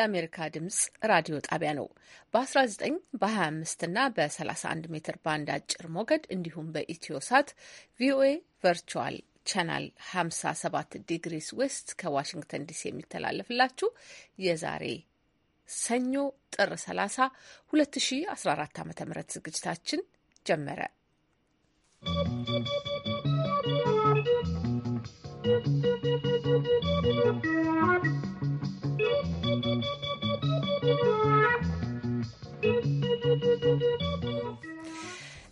የአሜሪካ ድምጽ ራዲዮ ጣቢያ ነው። በ19 በ25 እና በ31 ሜትር ባንድ አጭር ሞገድ እንዲሁም በኢትዮ ሳት ቪኦኤ ቨርቹዋል ቻናል 57 ዲግሪስ ዌስት ከዋሽንግተን ዲሲ የሚተላለፍላችሁ የዛሬ ሰኞ ጥር 30 2014 ዓ ም ዝግጅታችን ጀመረ።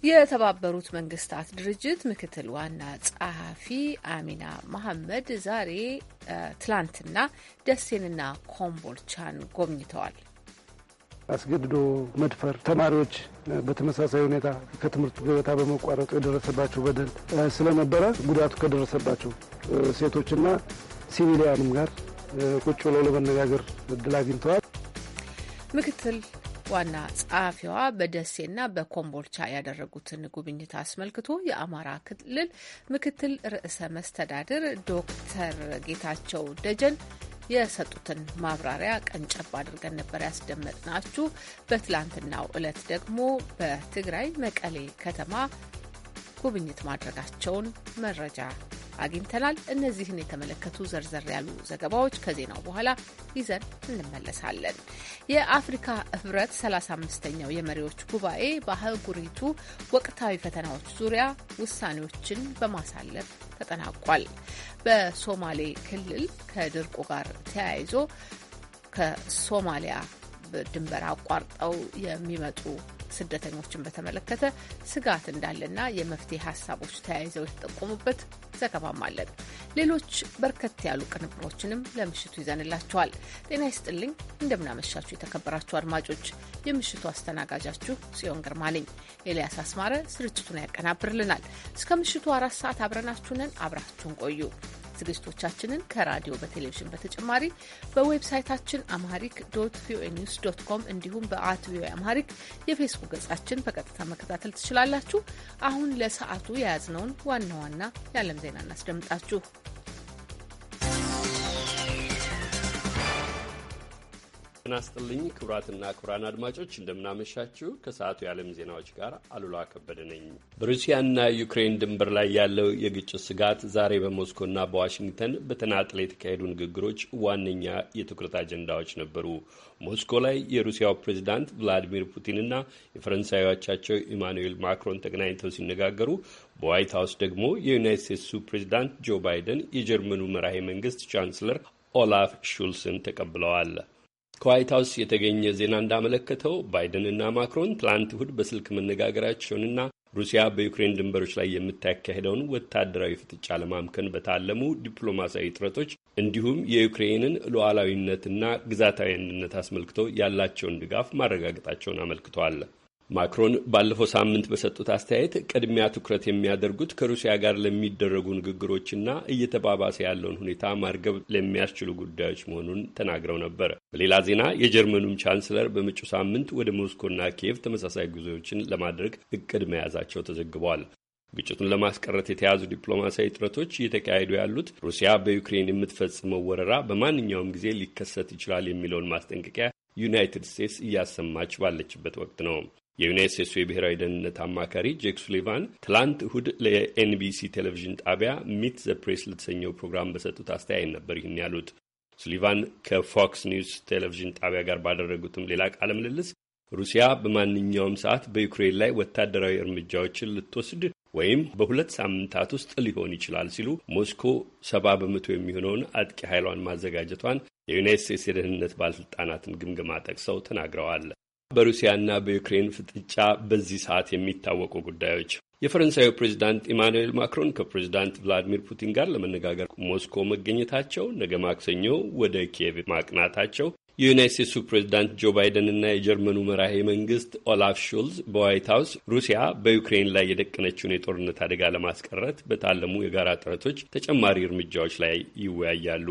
የተባበሩት መንግስታት ድርጅት ምክትል ዋና ጸሐፊ አሚና መሐመድ ዛሬ ትላንትና ደሴንና ኮምቦልቻን ጎብኝተዋል። አስገድዶ መድፈር፣ ተማሪዎች በተመሳሳይ ሁኔታ ከትምህርት ገበታ በመቋረጡ የደረሰባቸው በደል ስለነበረ ጉዳቱ ከደረሰባቸው ሴቶችና ሲቪሊያንም ጋር ቁጭ ብለው ለመነጋገር እድል አግኝተዋል። ምክትል ዋና ጸሐፊዋ በደሴና በኮምቦልቻ ያደረጉትን ጉብኝት አስመልክቶ የአማራ ክልል ምክትል ርዕሰ መስተዳድር ዶክተር ጌታቸው ደጀን የሰጡትን ማብራሪያ ቀንጨብ አድርገን ነበር ያስደመጥናችሁ። በትላንትናው ዕለት ደግሞ በትግራይ መቀሌ ከተማ ጉብኝት ማድረጋቸውን መረጃ አግኝተናል። እነዚህን የተመለከቱ ዘርዘር ያሉ ዘገባዎች ከዜናው በኋላ ይዘን እንመለሳለን። የአፍሪካ ህብረት 35ኛው የመሪዎች ጉባኤ በአህጉሪቱ ወቅታዊ ፈተናዎች ዙሪያ ውሳኔዎችን በማሳለፍ ተጠናቋል። በሶማሌ ክልል ከድርቁ ጋር ተያይዞ ከሶማሊያ ድንበር አቋርጠው የሚመጡ ስደተኞችን በተመለከተ ስጋት እንዳለና የመፍትሄ ሀሳቦች ተያይዘው የተጠቆሙበት ዘገባም አለን። ሌሎች በርከት ያሉ ቅንብሮችንም ለምሽቱ ይዘንላቸዋል። ጤና ይስጥልኝ፣ እንደምናመሻችሁ የተከበራችሁ አድማጮች፣ የምሽቱ አስተናጋጃችሁ ጽዮን ግርማ ነኝ። ኤልያስ አስማረ ስርጭቱን ያቀናብርልናል። እስከ ምሽቱ አራት ሰዓት አብረናችሁንን አብራችሁን ቆዩ። ዝግጅቶቻችንን ከራዲዮ በቴሌቪዥን በተጨማሪ በዌብሳይታችን አምሃሪክ ዶት ቪኦኤ ኒውስ ዶት ኮም እንዲሁም በአት ቪኦኤ አምሃሪክ የፌስቡክ ገጻችን በቀጥታ መከታተል ትችላላችሁ። አሁን ለሰዓቱ የያዝነውን ዋና ዋና የዓለም ዜና እናስደምጣችሁ። ጤና ስጥልኝ ክቡራትና ክቡራን አድማጮች እንደምናመሻችሁ። ከሰዓቱ የዓለም ዜናዎች ጋር አሉላ ከበደ ነኝ። በሩሲያና ዩክሬን ድንበር ላይ ያለው የግጭት ስጋት ዛሬ በሞስኮና በዋሽንግተን በተናጥል የተካሄዱ ንግግሮች ዋነኛ የትኩረት አጀንዳዎች ነበሩ። ሞስኮ ላይ የሩሲያው ፕሬዚዳንት ቭላዲሚር ፑቲንና የፈረንሳዩ ኢማኑኤል ማክሮን ተገናኝተው ሲነጋገሩ በዋይት ሀውስ ደግሞ የዩናይት ስቴትሱ ፕሬዚዳንት ጆ ባይደን የጀርመኑ መራሄ መንግስት ቻንስለር ኦላፍ ሹልስን ተቀብለዋል። ከዋይት ሀውስ የተገኘ ዜና እንዳመለከተው ባይደንና ማክሮን ትላንት እሁድ በስልክ መነጋገራቸውንና ሩሲያ በዩክሬን ድንበሮች ላይ የምታካሄደውን ወታደራዊ ፍጥጫ ለማምከን በታለሙ ዲፕሎማሲያዊ ጥረቶች እንዲሁም የዩክሬንን ሉዓላዊነትና ግዛታዊ አንድነት አስመልክቶ ያላቸውን ድጋፍ ማረጋገጣቸውን አመልክቷል። ማክሮን ባለፈው ሳምንት በሰጡት አስተያየት ቅድሚያ ትኩረት የሚያደርጉት ከሩሲያ ጋር ለሚደረጉ ንግግሮችና እየተባባሰ ያለውን ሁኔታ ማርገብ ለሚያስችሉ ጉዳዮች መሆኑን ተናግረው ነበር። በሌላ ዜና የጀርመኑም ቻንስለር በመጪው ሳምንት ወደ ሞስኮና ኪየቭ ተመሳሳይ ጉዞዎችን ለማድረግ እቅድ መያዛቸው ተዘግቧል። ግጭቱን ለማስቀረት የተያዙ ዲፕሎማሲያዊ ጥረቶች እየተካሄዱ ያሉት ሩሲያ በዩክሬን የምትፈጽመው ወረራ በማንኛውም ጊዜ ሊከሰት ይችላል የሚለውን ማስጠንቀቂያ ዩናይትድ ስቴትስ እያሰማች ባለችበት ወቅት ነው። የዩናይት ስቴትሱ የብሔራዊ ደህንነት አማካሪ ጄክ ሱሊቫን ትላንት እሁድ ለኤንቢሲ ቴሌቪዥን ጣቢያ ሚት ዘ ፕሬስ ለተሰኘው ፕሮግራም በሰጡት አስተያየት ነበር ይህን ያሉት። ሱሊቫን ከፎክስ ኒውስ ቴሌቪዥን ጣቢያ ጋር ባደረጉትም ሌላ ቃለ ምልልስ ሩሲያ በማንኛውም ሰዓት በዩክሬን ላይ ወታደራዊ እርምጃዎችን ልትወስድ ወይም በሁለት ሳምንታት ውስጥ ሊሆን ይችላል ሲሉ ሞስኮ ሰባ በመቶ የሚሆነውን አጥቂ ኃይሏን ማዘጋጀቷን የዩናይት ስቴትስ የደህንነት ባለሥልጣናትን ግምገማ ጠቅሰው ተናግረዋል። በሩሲያና በዩክሬን ፍጥጫ በዚህ ሰዓት የሚታወቁ ጉዳዮች የፈረንሳዩ ፕሬዚዳንት ኢማኑኤል ማክሮን ከፕሬዚዳንት ቭላዲሚር ፑቲን ጋር ለመነጋገር ሞስኮ መገኘታቸው፣ ነገ ማክሰኞ ወደ ኪየቭ ማቅናታቸው፣ የዩናይት ስቴትሱ ፕሬዚዳንት ጆ ባይደን እና የጀርመኑ መራሄ መንግስት ኦላፍ ሹልዝ በዋይት ሀውስ ሩሲያ በዩክሬን ላይ የደቀነችውን የጦርነት አደጋ ለማስቀረት በታለሙ የጋራ ጥረቶች ተጨማሪ እርምጃዎች ላይ ይወያያሉ።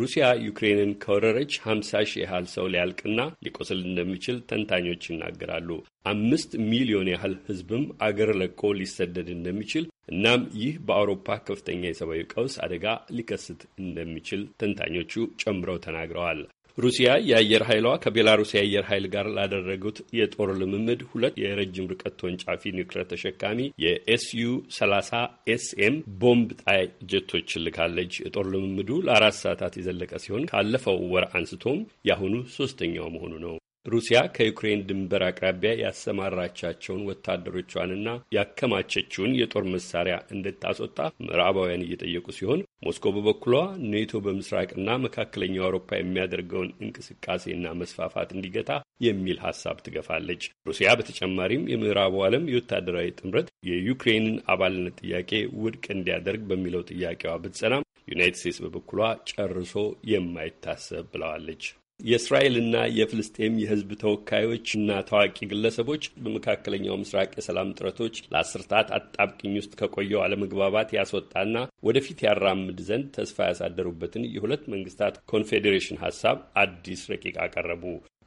ሩሲያ ዩክሬንን ከወረረች 50 ሺህ ያህል ሰው ሊያልቅና ሊቆስል እንደሚችል ተንታኞች ይናገራሉ። አምስት ሚሊዮን ያህል ሕዝብም አገር ለቆ ሊሰደድ እንደሚችል እናም ይህ በአውሮፓ ከፍተኛ የሰብአዊ ቀውስ አደጋ ሊከስት እንደሚችል ተንታኞቹ ጨምረው ተናግረዋል። ሩሲያ የአየር ኃይሏ ከቤላሩስ የአየር ኃይል ጋር ላደረጉት የጦር ልምምድ ሁለት የረጅም ርቀት ተወንጫፊ ኒውክለር ተሸካሚ የኤስዩ 30 ኤስኤም ቦምብ ጣይ ጀቶች ልካለች። የጦር ልምምዱ ለአራት ሰዓታት የዘለቀ ሲሆን ካለፈው ወር አንስቶም የአሁኑ ሶስተኛው መሆኑ ነው። ሩሲያ ከዩክሬን ድንበር አቅራቢያ ያሰማራቻቸውን ወታደሮቿንና ያከማቸችውን የጦር መሳሪያ እንድታስወጣ ምዕራባውያን እየጠየቁ ሲሆን ሞስኮ በበኩሏ ኔቶ በምስራቅና መካከለኛው አውሮፓ የሚያደርገውን እንቅስቃሴና መስፋፋት እንዲገታ የሚል ሀሳብ ትገፋለች። ሩሲያ በተጨማሪም የምዕራቡ ዓለም የወታደራዊ ጥምረት የዩክሬንን አባልነት ጥያቄ ውድቅ እንዲያደርግ በሚለው ጥያቄዋ ብትጸናም ዩናይትድ ስቴትስ በበኩሏ ጨርሶ የማይታሰብ ብለዋለች። የእስራኤልና የፍልስጤም የህዝብ ተወካዮች እና ታዋቂ ግለሰቦች በመካከለኛው ምስራቅ የሰላም ጥረቶች ለአስርታት አጣብቅኝ ውስጥ ከቆየው አለመግባባት ያስወጣና ወደፊት ያራምድ ዘንድ ተስፋ ያሳደሩበትን የሁለት መንግስታት ኮንፌዴሬሽን ሀሳብ አዲስ ረቂቅ አቀረቡ።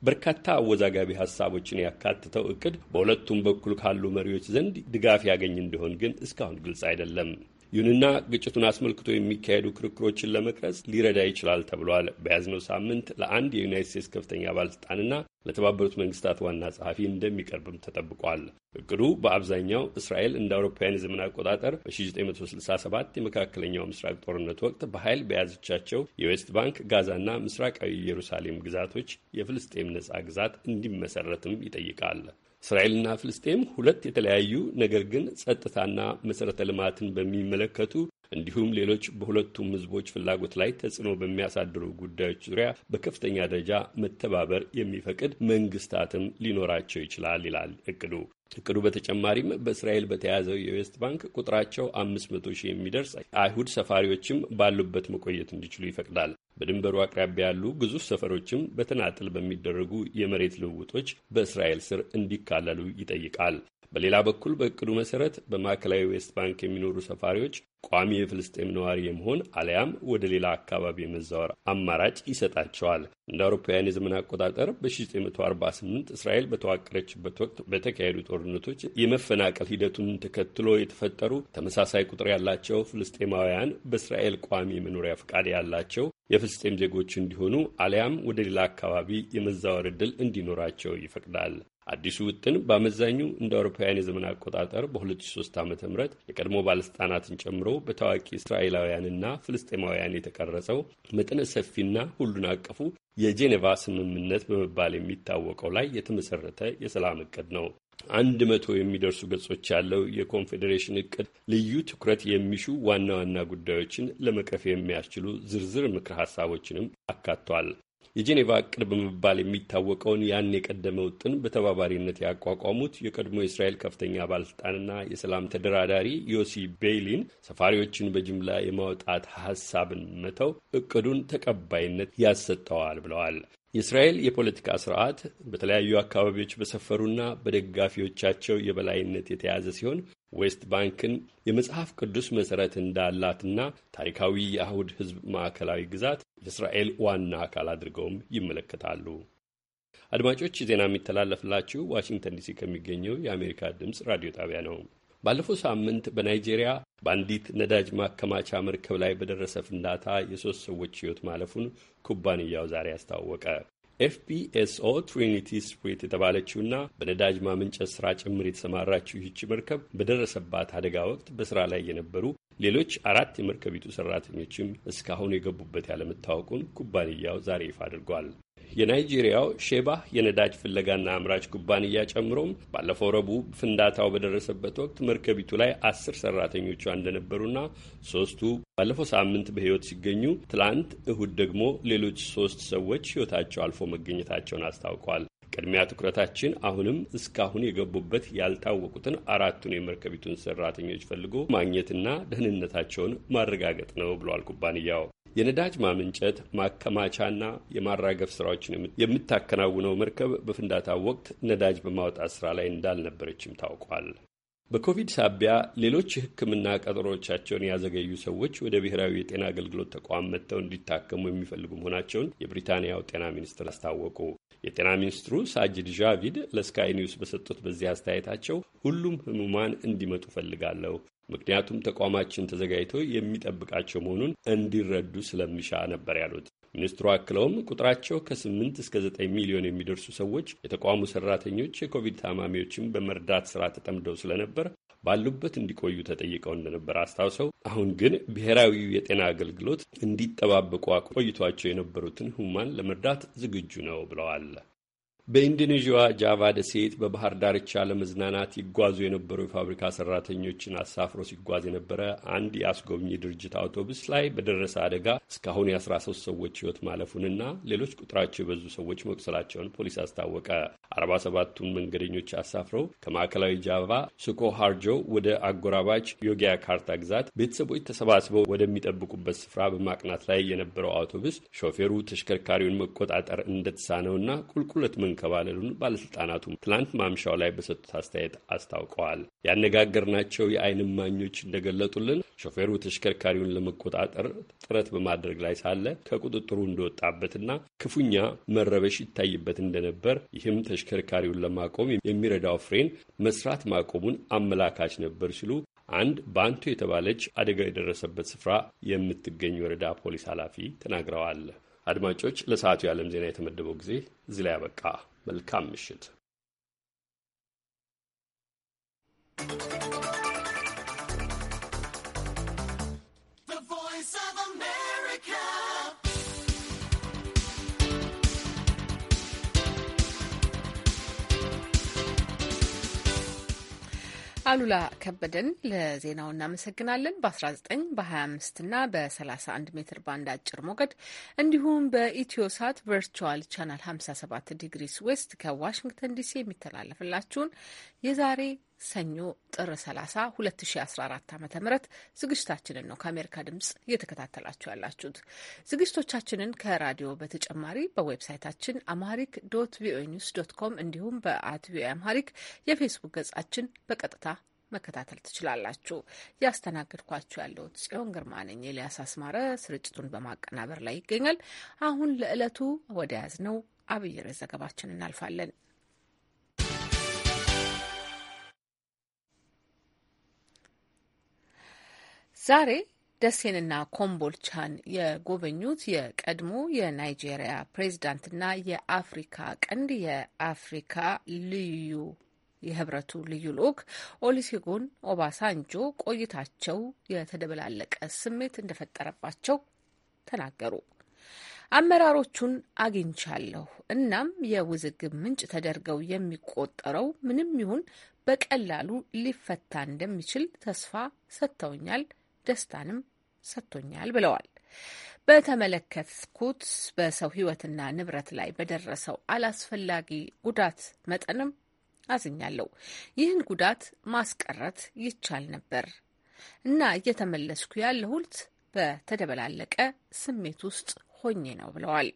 በርካታ አወዛጋቢ ሀሳቦችን ያካትተው እቅድ በሁለቱም በኩል ካሉ መሪዎች ዘንድ ድጋፍ ያገኝ እንደሆን ግን እስካሁን ግልጽ አይደለም። ይሁንና ግጭቱን አስመልክቶ የሚካሄዱ ክርክሮችን ለመቅረጽ ሊረዳ ይችላል ተብሏል። በያዝነው ሳምንት ለአንድ የዩናይት ስቴትስ ከፍተኛ ባለስልጣንና ለተባበሩት መንግስታት ዋና ጸሐፊ እንደሚቀርብም ተጠብቋል። እቅዱ በአብዛኛው እስራኤል እንደ አውሮፓውያን የዘመን አቆጣጠር በ1967 የመካከለኛው ምስራቅ ጦርነት ወቅት በኃይል በያዘቻቸው የዌስት ባንክ፣ ጋዛና ምስራቃዊ ኢየሩሳሌም ግዛቶች የፍልስጤም ነጻ ግዛት እንዲመሰረትም ይጠይቃል። እስራኤልና ፍልስጤም ሁለት የተለያዩ ነገር ግን ጸጥታና መሠረተ ልማትን በሚመለከቱ እንዲሁም ሌሎች በሁለቱም ሕዝቦች ፍላጎት ላይ ተጽዕኖ በሚያሳድሩ ጉዳዮች ዙሪያ በከፍተኛ ደረጃ መተባበር የሚፈቅድ መንግስታትም ሊኖራቸው ይችላል ይላል እቅዱ። እቅዱ በተጨማሪም በእስራኤል በተያዘው የዌስት ባንክ ቁጥራቸው አምስት መቶ ሺህ የሚደርስ አይሁድ ሰፋሪዎችም ባሉበት መቆየት እንዲችሉ ይፈቅዳል። በድንበሩ አቅራቢያ ያሉ ግዙፍ ሰፈሮችም በተናጥል በሚደረጉ የመሬት ልውውጦች በእስራኤል ስር እንዲካለሉ ይጠይቃል። በሌላ በኩል በእቅዱ መሰረት በማዕከላዊ ዌስት ባንክ የሚኖሩ ሰፋሪዎች ቋሚ የፍልስጤም ነዋሪ የመሆን አሊያም ወደ ሌላ አካባቢ የመዛወር አማራጭ ይሰጣቸዋል። እንደ አውሮፓውያን የዘመን አቆጣጠር በ1948 እስራኤል በተዋቀረችበት ወቅት በተካሄዱ ጦርነቶች የመፈናቀል ሂደቱን ተከትሎ የተፈጠሩ ተመሳሳይ ቁጥር ያላቸው ፍልስጤማውያን በእስራኤል ቋሚ መኖሪያ ፈቃድ ያላቸው የፍልስጤም ዜጎች እንዲሆኑ አሊያም ወደ ሌላ አካባቢ የመዛወር ዕድል እንዲኖራቸው ይፈቅዳል። አዲሱ ውጥን በአመዛኙ እንደ አውሮፓውያን የዘመን አቆጣጠር በ2003 ዓ ም የቀድሞ ባለስልጣናትን ጨምሮ በታዋቂ እስራኤላውያንና ፍልስጤማውያን የተቀረጸው መጠነ ሰፊና ሁሉን አቀፉ የጄኔቫ ስምምነት በመባል የሚታወቀው ላይ የተመሰረተ የሰላም እቅድ ነው። አንድ መቶ የሚደርሱ ገጾች ያለው የኮንፌዴሬሽን እቅድ ልዩ ትኩረት የሚሹ ዋና ዋና ጉዳዮችን ለመቅረፍ የሚያስችሉ ዝርዝር ምክር ሀሳቦችንም አካቷል። የጄኔቫ እቅድ በመባል የሚታወቀውን ያን የቀደመ ውጥን በተባባሪነት ያቋቋሙት የቀድሞ የእስራኤል ከፍተኛ ባለስልጣንና የሰላም ተደራዳሪ ዮሲ ቤይሊን ሰፋሪዎችን በጅምላ የማውጣት ሀሳብን መተው እቅዱን ተቀባይነት ያሰጠዋል ብለዋል። የእስራኤል የፖለቲካ ስርዓት በተለያዩ አካባቢዎች በሰፈሩና በደጋፊዎቻቸው የበላይነት የተያዘ ሲሆን ዌስት ባንክን የመጽሐፍ ቅዱስ መሠረት እንዳላትና ታሪካዊ የአይሁድ ሕዝብ ማዕከላዊ ግዛት የእስራኤል ዋና አካል አድርገውም ይመለከታሉ። አድማጮች ዜና የሚተላለፍላችሁ ዋሽንግተን ዲሲ ከሚገኘው የአሜሪካ ድምፅ ራዲዮ ጣቢያ ነው። ባለፈው ሳምንት በናይጄሪያ በአንዲት ነዳጅ ማከማቻ መርከብ ላይ በደረሰ ፍንዳታ የሶስት ሰዎች ሕይወት ማለፉን ኩባንያው ዛሬ አስታወቀ። ኤፍፒኤስኦ ትሪኒቲ ስፕሪት የተባለችውና በነዳጅ ማመንጨት ስራ ጭምር የተሰማራችው ይህች መርከብ በደረሰባት አደጋ ወቅት በስራ ላይ የነበሩ ሌሎች አራት የመርከቢቱ ሰራተኞችም እስካሁን የገቡበት ያለመታወቁን ኩባንያው ዛሬ ይፋ አድርጓል። የናይጄሪያው ሼባ የነዳጅ ፍለጋና አምራች ኩባንያ ጨምሮም ባለፈው ረቡዕ ፍንዳታው በደረሰበት ወቅት መርከቢቱ ላይ አስር ሰራተኞቿ እንደነበሩና ሶስቱ ባለፈው ሳምንት በሕይወት ሲገኙ ትላንት እሁድ ደግሞ ሌሎች ሶስት ሰዎች ሕይወታቸው አልፎ መገኘታቸውን አስታውቀዋል። ቅድሚያ ትኩረታችን አሁንም እስካሁን የገቡበት ያልታወቁትን አራቱን የመርከቢቱን ሰራተኞች ፈልጎ ማግኘትና ደህንነታቸውን ማረጋገጥ ነው ብሏል ኩባንያው። የነዳጅ ማመንጨት ማከማቻና የማራገፍ ስራዎችን የምታከናውነው መርከብ በፍንዳታው ወቅት ነዳጅ በማውጣት ስራ ላይ እንዳልነበረችም ታውቋል። በኮቪድ ሳቢያ ሌሎች የሕክምና ቀጠሮዎቻቸውን ያዘገዩ ሰዎች ወደ ብሔራዊ የጤና አገልግሎት ተቋም መጥተው እንዲታከሙ የሚፈልጉ መሆናቸውን የብሪታንያው ጤና ሚኒስትር አስታወቁ። የጤና ሚኒስትሩ ሳጅድ ዣቪድ ለስካይ ኒውስ በሰጡት በዚህ አስተያየታቸው ሁሉም ህሙማን እንዲመጡ ፈልጋለሁ፣ ምክንያቱም ተቋማችን ተዘጋጅቶ የሚጠብቃቸው መሆኑን እንዲረዱ ስለሚሻ ነበር ያሉት። ሚኒስትሩ አክለውም ቁጥራቸው ከ8 እስከ 9 ሚሊዮን የሚደርሱ ሰዎች የተቋሙ ሰራተኞች የኮቪድ ታማሚዎችን በመርዳት ስራ ተጠምደው ስለነበር ባሉበት እንዲቆዩ ተጠይቀው እንደነበር አስታውሰው አሁን ግን ብሔራዊ የጤና አገልግሎት እንዲጠባበቁ ቆይቷቸው የነበሩትን ህሙማን ለመርዳት ዝግጁ ነው ብለዋል። በኢንዶኔዥያ ጃቫ ደሴት በባህር ዳርቻ ለመዝናናት ይጓዙ የነበሩ የፋብሪካ ሰራተኞችን አሳፍሮ ሲጓዝ የነበረ አንድ የአስጎብኚ ድርጅት አውቶቡስ ላይ በደረሰ አደጋ እስካሁን የ13 ሰዎች ህይወት ማለፉንና ሌሎች ቁጥራቸው የበዙ ሰዎች መቁሰላቸውን ፖሊስ አስታወቀ። 47ቱን መንገደኞች አሳፍረው ከማዕከላዊ ጃቫ ሱኮ ሃርጆ ወደ አጎራባች ዮጊያ ካርታ ግዛት ቤተሰቦች ተሰባስበው ወደሚጠብቁበት ስፍራ በማቅናት ላይ የነበረው አውቶቡስ ሾፌሩ ተሽከርካሪውን መቆጣጠር እንደተሳነውና ቁልቁለት መንከባለሉን ባለሥልጣናቱ ትላንት ማምሻው ላይ በሰጡት አስተያየት አስታውቀዋል። ያነጋገርናቸው የዓይን እማኞች እንደገለጡልን ሾፌሩ ተሽከርካሪውን ለመቆጣጠር ጥረት በማድረግ ላይ ሳለ ከቁጥጥሩ እንደወጣበትና ክፉኛ መረበሽ ይታይበት እንደነበር፣ ይህም ተሽከርካሪውን ለማቆም የሚረዳው ፍሬን መስራት ማቆሙን አመላካች ነበር ሲሉ አንድ ባንቱ የተባለች አደጋ የደረሰበት ስፍራ የምትገኝ ወረዳ ፖሊስ ኃላፊ ተናግረዋል። አድማጮች፣ ለሰዓቱ የዓለም ዜና የተመደበው ጊዜ እዚህ ላይ ያበቃ። መልካም ምሽት። አሉላ ከበደን ለዜናው እናመሰግናለን። በ19 በ25 እና በ31 ሜትር ባንድ አጭር ሞገድ እንዲሁም በኢትዮሳት ቨርቹዋል ቻናል 57 ዲግሪስ ዌስት ከዋሽንግተን ዲሲ የሚተላለፍላችሁን የዛሬ ሰኞ ጥር 30 2014 ዓ ም ዝግጅታችንን ነው ከአሜሪካ ድምጽ እየተከታተላችሁ ያላችሁት። ዝግጅቶቻችንን ከራዲዮ በተጨማሪ በዌብሳይታችን አማሪክ ዶት ቪኦኤ ኒውስ ዶት ኮም እንዲሁም በአት ቪኦኤ አምሃሪክ የፌስቡክ ገጻችን በቀጥታ መከታተል ትችላላችሁ። ያስተናግድኳችሁ ያለሁት ጽዮን ግርማ ነኝ። ኤልያስ አስማረ ስርጭቱን በማቀናበር ላይ ይገኛል። አሁን ለዕለቱ ወደ ያዝነው አብይ ርዕስ ዘገባችን እናልፋለን። ዛሬ ደሴንና ኮምቦልቻን የጎበኙት የቀድሞ የናይጄሪያ ፕሬዝዳንትና የአፍሪካ ቀንድ የአፍሪካ ልዩ የህብረቱ ልዩ ልዑክ ኦሊሴጉን ኦባሳንጆ ቆይታቸው የተደበላለቀ ስሜት እንደፈጠረባቸው ተናገሩ። አመራሮቹን አግኝቻለሁ። እናም የውዝግብ ምንጭ ተደርገው የሚቆጠረው ምንም ይሁን በቀላሉ ሊፈታ እንደሚችል ተስፋ ሰጥተውኛል ደስታንም ሰጥቶኛል ብለዋል። በተመለከትኩት በሰው ሕይወትና ንብረት ላይ በደረሰው አላስፈላጊ ጉዳት መጠንም አዝኛለሁ። ይህን ጉዳት ማስቀረት ይቻል ነበር እና እየተመለስኩ ያለሁት በተደበላለቀ ስሜት ውስጥ ሆኜ ነው ብለዋል።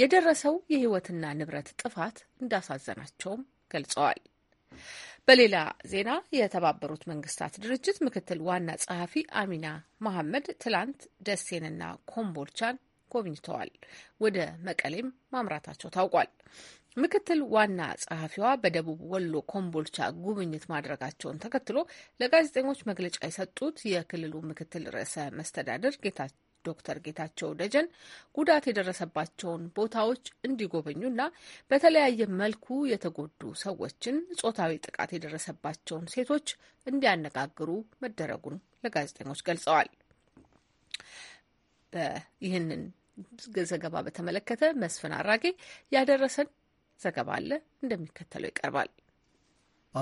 የደረሰው የሕይወትና ንብረት ጥፋት እንዳሳዘናቸውም ገልጸዋል። በሌላ ዜና የተባበሩት መንግስታት ድርጅት ምክትል ዋና ጸሐፊ አሚና መሐመድ ትላንት ደሴንና ኮምቦልቻን ጎብኝተዋል። ወደ መቀሌም ማምራታቸው ታውቋል። ምክትል ዋና ጸሐፊዋ በደቡብ ወሎ ኮምቦልቻ ጉብኝት ማድረጋቸውን ተከትሎ ለጋዜጠኞች መግለጫ የሰጡት የክልሉ ምክትል ርዕሰ መስተዳደር ጌታቸው ዶክተር ጌታቸው ደጀን ጉዳት የደረሰባቸውን ቦታዎች እንዲጎበኙና በተለያየ መልኩ የተጎዱ ሰዎችን፣ ጾታዊ ጥቃት የደረሰባቸውን ሴቶች እንዲያነጋግሩ መደረጉን ለጋዜጠኞች ገልጸዋል። ይህንን ዘገባ በተመለከተ መስፍን አራጌ ያደረሰን ዘገባ አለ፣ እንደሚከተለው ይቀርባል።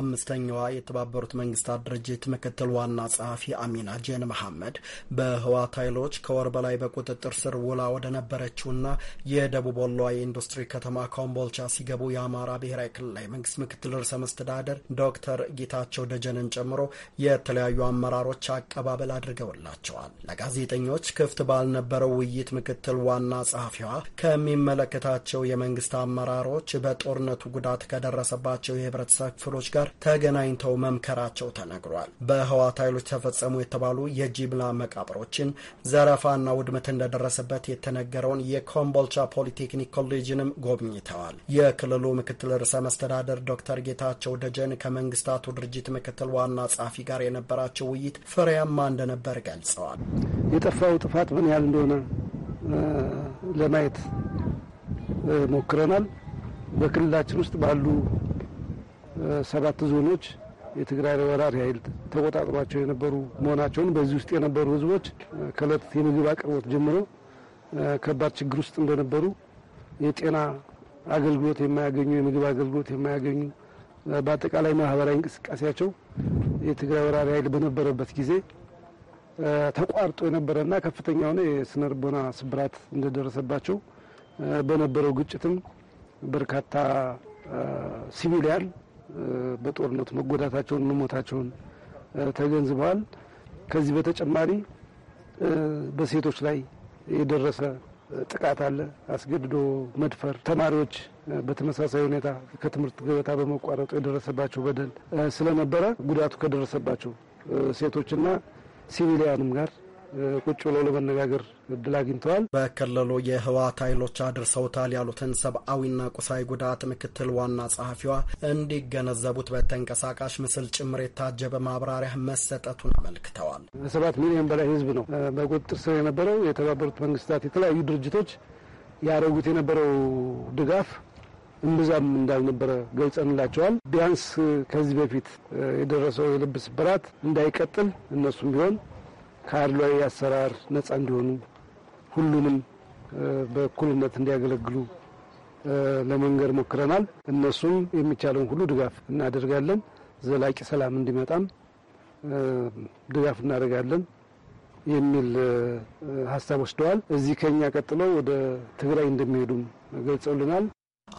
አምስተኛዋ የተባበሩት መንግስታት ድርጅት ምክትል ዋና ጸሐፊ አሚና ጄን መሐመድ በህዋት ኃይሎች ከወር በላይ በቁጥጥር ስር ውላ ወደ ነበረችውና የደቡብ ወሎ የኢንዱስትሪ ከተማ ኮምቦልቻ ሲገቡ የአማራ ብሔራዊ ክልላዊ መንግስት ምክትል ርዕሰ መስተዳደር ዶክተር ጌታቸው ደጀንን ጨምሮ የተለያዩ አመራሮች አቀባበል አድርገውላቸዋል። ለጋዜጠኞች ክፍት ባልነበረው ውይይት ምክትል ዋና ጸሐፊዋ ከሚመለከታቸው የመንግስት አመራሮች በጦርነቱ ጉዳት ከደረሰባቸው የህብረተሰብ ክፍሎች ጋር ጋር ተገናኝተው መምከራቸው ተነግሯል። በህዋት ኃይሎች ተፈጸሙ የተባሉ የጂብላ መቃብሮችን ዘረፋና ውድመት እንደደረሰበት የተነገረውን የኮምቦልቻ ፖሊቴክኒክ ኮሌጅንም ጎብኝተዋል። የክልሉ ምክትል ርዕሰ መስተዳደር ዶክተር ጌታቸው ደጀን ከመንግስታቱ ድርጅት ምክትል ዋና ጸሐፊ ጋር የነበራቸው ውይይት ፍሬያማ እንደነበር ገልጸዋል። የጠፋው ጥፋት ምን ያህል እንደሆነ ለማየት ሞክረናል። በክልላችን ውስጥ ባሉ ሰባት ዞኖች የትግራይ ወራሪ ኃይል ተቆጣጥሯቸው የነበሩ መሆናቸውን በዚህ ውስጥ የነበሩ ህዝቦች ከእለት የምግብ አቅርቦት ጀምሮ ከባድ ችግር ውስጥ እንደነበሩ የጤና አገልግሎት የማያገኙ የምግብ አገልግሎት የማያገኙ በአጠቃላይ ማህበራዊ እንቅስቃሴያቸው የትግራይ ወራሪ ኃይል በነበረበት ጊዜ ተቋርጦ የነበረና ከፍተኛ የሆነ የስነርቦና ስብራት እንደደረሰባቸው በነበረው ግጭትም በርካታ ሲቪሊያን በጦርነቱ መጎዳታቸውን መሞታቸውን ተገንዝበዋል። ከዚህ በተጨማሪ በሴቶች ላይ የደረሰ ጥቃት አለ። አስገድዶ መድፈር፣ ተማሪዎች በተመሳሳይ ሁኔታ ከትምህርት ገበታ በመቋረጡ የደረሰባቸው በደል ስለነበረ ጉዳቱ ከደረሰባቸው ሴቶችና ሲቪሊያንም ጋር ቁጭ ብለው ለመነጋገር እድል አግኝተዋል። በክልሉ የህወሓት ኃይሎች አድርሰውታል ያሉትን ሰብአዊና ቁሳዊ ጉዳት ምክትል ዋና ጸሐፊዋ እንዲገነዘቡት በተንቀሳቃሽ ምስል ጭምር የታጀበ ማብራሪያ መሰጠቱን አመልክተዋል። ሰባት ሚሊዮን በላይ ህዝብ ነው በቁጥጥር ስር የነበረው። የተባበሩት መንግስታት የተለያዩ ድርጅቶች ያደረጉት የነበረው ድጋፍ እምብዛም እንዳልነበረ ገልጸንላቸዋል። ቢያንስ ከዚህ በፊት የደረሰው የልብስ ብራት እንዳይቀጥል እነሱም ቢሆን ከአድሏዊ አሰራር ነጻ እንዲሆኑ ሁሉንም በእኩልነት እንዲያገለግሉ ለመንገድ ሞክረናል። እነሱም የሚቻለውን ሁሉ ድጋፍ እናደርጋለን። ዘላቂ ሰላም እንዲመጣም ድጋፍ እናደርጋለን የሚል ሀሳብ ወስደዋል። እዚህ ከኛ ቀጥለው ወደ ትግራይ እንደሚሄዱም ገልጸውልናል።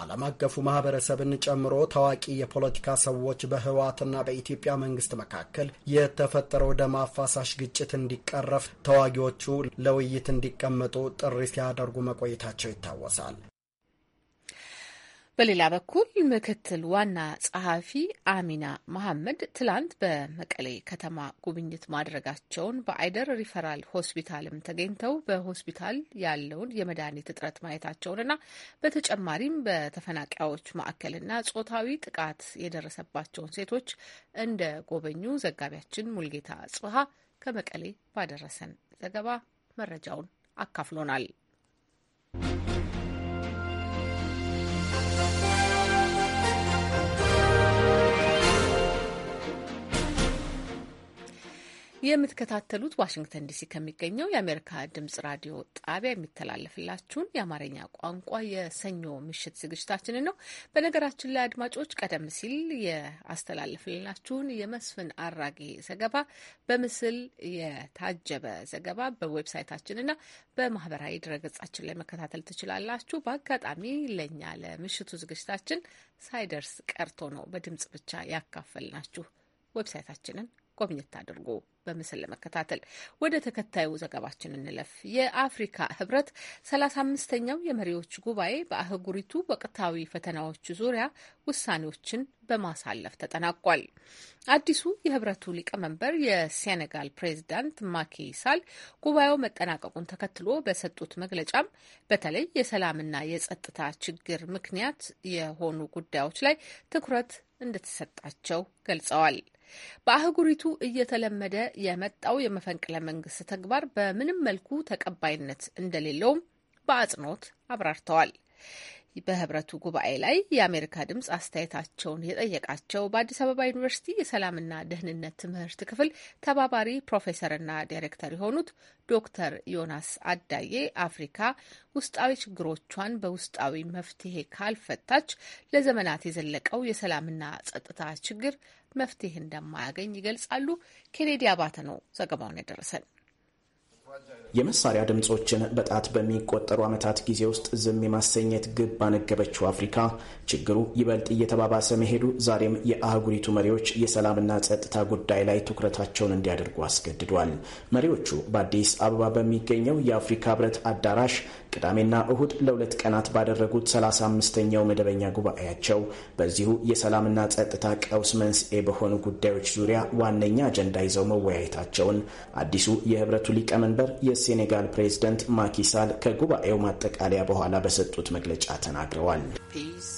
ዓለም አቀፉ ማህበረሰብን ጨምሮ ታዋቂ የፖለቲካ ሰዎች በህወሓትና በኢትዮጵያ መንግስት መካከል የተፈጠረው ደም አፋሳሽ ግጭት እንዲቀረፍ ተዋጊዎቹ ለውይይት እንዲቀመጡ ጥሪ ሲያደርጉ መቆየታቸው ይታወሳል። በሌላ በኩል ምክትል ዋና ጸሐፊ አሚና መሐመድ ትላንት በመቀሌ ከተማ ጉብኝት ማድረጋቸውን በአይደር ሪፈራል ሆስፒታልም ተገኝተው በሆስፒታል ያለውን የመድኃኒት እጥረት ማየታቸውንና በተጨማሪም በተፈናቃዮች ማዕከልና ጾታዊ ጥቃት የደረሰባቸውን ሴቶች እንደ ጎበኙ ዘጋቢያችን ሙልጌታ ጽሀ ከመቀሌ ባደረሰን ዘገባ መረጃውን አካፍሎናል። የምትከታተሉት ዋሽንግተን ዲሲ ከሚገኘው የአሜሪካ ድምጽ ራዲዮ ጣቢያ የሚተላለፍላችሁን የአማርኛ ቋንቋ የሰኞ ምሽት ዝግጅታችንን ነው። በነገራችን ላይ አድማጮች፣ ቀደም ሲል ያስተላለፍላችሁን የመስፍን አራጌ ዘገባ በምስል የታጀበ ዘገባ በዌብሳይታችንና በማህበራዊ ድረገጻችን ላይ መከታተል ትችላላችሁ። በአጋጣሚ ለእኛ ለምሽቱ ዝግጅታችን ሳይደርስ ቀርቶ ነው በድምጽ ብቻ ያካፈልናችሁ። ዌብሳይታችንን ጎብኝት አድርጎ በምስል ለመከታተል ወደ ተከታዩ ዘገባችን እንለፍ። የአፍሪካ ህብረት ሰላሳ አምስተኛው የመሪዎች ጉባኤ በአህጉሪቱ ወቅታዊ ፈተናዎች ዙሪያ ውሳኔዎችን በማሳለፍ ተጠናቋል። አዲሱ የህብረቱ ሊቀመንበር የሴኔጋል ፕሬዚዳንት ማኪ ሳል ጉባኤው መጠናቀቁን ተከትሎ በሰጡት መግለጫም በተለይ የሰላምና የጸጥታ ችግር ምክንያት የሆኑ ጉዳዮች ላይ ትኩረት እንደተሰጣቸው ገልጸዋል። በአህጉሪቱ እየተለመደ የመጣው የመፈንቅለ መንግስት ተግባር በምንም መልኩ ተቀባይነት እንደሌለውም በአጽንኦት አብራርተዋል። በህብረቱ ጉባኤ ላይ የአሜሪካ ድምፅ አስተያየታቸውን የጠየቃቸው በአዲስ አበባ ዩኒቨርሲቲ የሰላምና ደህንነት ትምህርት ክፍል ተባባሪ ፕሮፌሰርና ዳይሬክተር የሆኑት ዶክተር ዮናስ አዳዬ አፍሪካ ውስጣዊ ችግሮቿን በውስጣዊ መፍትሄ ካልፈታች ለዘመናት የዘለቀው የሰላምና ጸጥታ ችግር መፍትሄ እንደማያገኝ ይገልጻሉ። ኬኔዲ አባተ ነው ዘገባውን ያደረሰን። የመሳሪያ ድምፆችን በጣት በሚቆጠሩ ዓመታት ጊዜ ውስጥ ዝም የማሰኘት ግብ ባነገበችው አፍሪካ ችግሩ ይበልጥ እየተባባሰ መሄዱ ዛሬም የአህጉሪቱ መሪዎች የሰላምና ጸጥታ ጉዳይ ላይ ትኩረታቸውን እንዲያደርጉ አስገድዷል። መሪዎቹ በአዲስ አበባ በሚገኘው የአፍሪካ ሕብረት አዳራሽ ቅዳሜና እሁድ ለሁለት ቀናት ባደረጉት 35ኛው መደበኛ ጉባኤያቸው በዚሁ የሰላምና ጸጥታ ቀውስ መንስኤ በሆኑ ጉዳዮች ዙሪያ ዋነኛ አጀንዳ ይዘው መወያየታቸውን አዲሱ የህብረቱ ሊቀመንበር የሴኔጋል ፕሬዝደንት ማኪሳል ከጉባኤው ማጠቃለያ በኋላ በሰጡት መግለጫ ተናግረዋል። ፒስ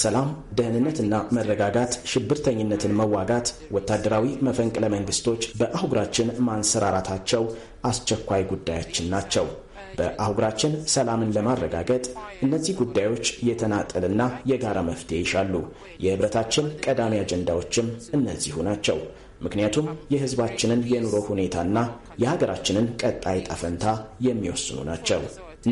ሰላም፣ ደህንነትና መረጋጋት፣ ሽብርተኝነትን መዋጋት፣ ወታደራዊ መፈንቅለ መንግስቶች በአህጉራችን ማንሰራራታቸው አስቸኳይ ጉዳያችን ናቸው። በአህጉራችን ሰላምን ለማረጋገጥ እነዚህ ጉዳዮች የተናጠልና የጋራ መፍትሄ ይሻሉ። የህብረታችን ቀዳሚ አጀንዳዎችም እነዚሁ ናቸው። ምክንያቱም የህዝባችንን የኑሮ ሁኔታና የሀገራችንን ቀጣይ ጣፈንታ የሚወስኑ ናቸው።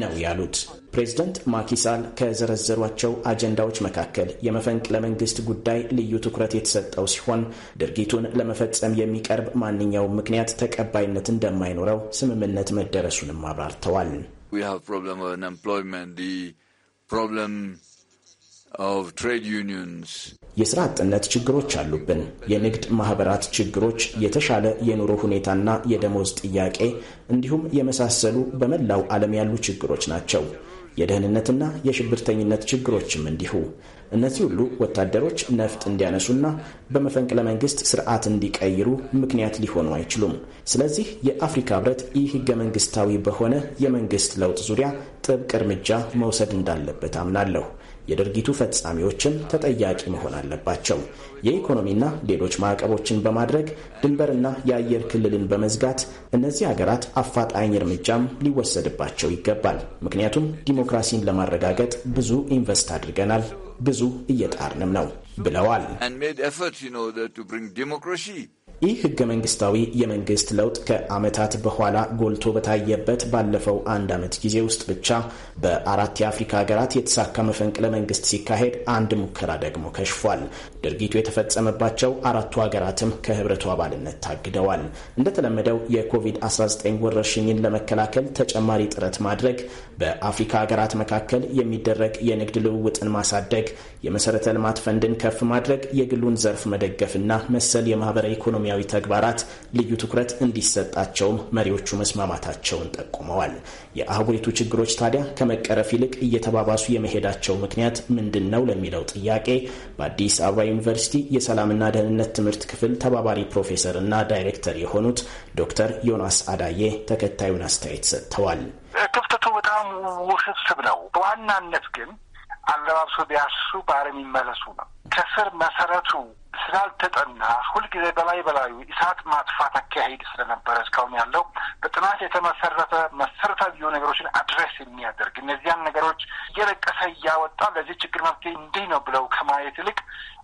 ነው ያሉት። ፕሬዝደንት ማኪሳል ከዘረዘሯቸው አጀንዳዎች መካከል የመፈንቅለ መንግስት ጉዳይ ልዩ ትኩረት የተሰጠው ሲሆን ድርጊቱን ለመፈጸም የሚቀርብ ማንኛውም ምክንያት ተቀባይነት እንደማይኖረው ስምምነት መደረሱንም አብራርተዋል። የስራ አጥነት ችግሮች አሉብን። የንግድ ማህበራት ችግሮች፣ የተሻለ የኑሮ ሁኔታና የደሞዝ ጥያቄ እንዲሁም የመሳሰሉ በመላው ዓለም ያሉ ችግሮች ናቸው። የደህንነትና የሽብርተኝነት ችግሮችም እንዲሁ። እነዚህ ሁሉ ወታደሮች ነፍጥ እንዲያነሱና በመፈንቅለ መንግስት ስርዓት እንዲቀይሩ ምክንያት ሊሆኑ አይችሉም። ስለዚህ የአፍሪካ ህብረት ይህ ህገ መንግስታዊ በሆነ የመንግስት ለውጥ ዙሪያ ጥብቅ እርምጃ መውሰድ እንዳለበት አምናለሁ። የድርጊቱ ፈጻሚዎችም ተጠያቂ መሆን አለባቸው። የኢኮኖሚና ሌሎች ማዕቀቦችን በማድረግ ድንበርና የአየር ክልልን በመዝጋት እነዚህ ሀገራት አፋጣኝ እርምጃም ሊወሰድባቸው ይገባል። ምክንያቱም ዲሞክራሲን ለማረጋገጥ ብዙ ኢንቨስት አድርገናል፣ ብዙ እየጣርንም ነው ብለዋል። ይህ ህገ መንግስታዊ የመንግስት ለውጥ ከአመታት በኋላ ጎልቶ በታየበት ባለፈው አንድ ዓመት ጊዜ ውስጥ ብቻ በአራት የአፍሪካ ሀገራት የተሳካ መፈንቅለ መንግስት ሲካሄድ አንድ ሙከራ ደግሞ ከሽፏል። ድርጊቱ የተፈጸመባቸው አራቱ ሀገራትም ከህብረቱ አባልነት ታግደዋል። እንደተለመደው የኮቪድ-19 ወረርሽኝን ለመከላከል ተጨማሪ ጥረት ማድረግ በአፍሪካ ሀገራት መካከል የሚደረግ የንግድ ልውውጥን ማሳደግ፣ የመሰረተ ልማት ፈንድን ከፍ ማድረግ፣ የግሉን ዘርፍ መደገፍና መሰል የማህበረ ኢኮኖሚያዊ ተግባራት ልዩ ትኩረት እንዲሰጣቸውም መሪዎቹ መስማማታቸውን ጠቁመዋል። የአህጉሪቱ ችግሮች ታዲያ ከመቀረፍ ይልቅ እየተባባሱ የመሄዳቸው ምክንያት ምንድን ነው ለሚለው ጥያቄ በአዲስ አበባ ዩኒቨርሲቲ የሰላምና ደህንነት ትምህርት ክፍል ተባባሪ ፕሮፌሰር እና ዳይሬክተር የሆኑት ዶክተር ዮናስ አዳዬ ተከታዩን አስተያየት ሰጥተዋል። ክፍተቱ በጣም ውስብስብ ነው። በዋናነት ግን አለባብሶ ቢያሱ ባር የሚመለሱ ነው። ከስር መሰረቱ ስላልተጠና ሁልጊዜ በላይ በላዩ እሳት ማጥፋት አካሄድ ስለነበረ እስካሁን ያለው በጥናት የተመሰረተ መሰረታዊ የሆኑ ነገሮችን አድረስ የሚያደርግ እነዚያን ነገሮች እየለቀሰ እያወጣ ለዚህ ችግር መፍትሄ እንዲህ ነው ብለው ከማየት ይልቅ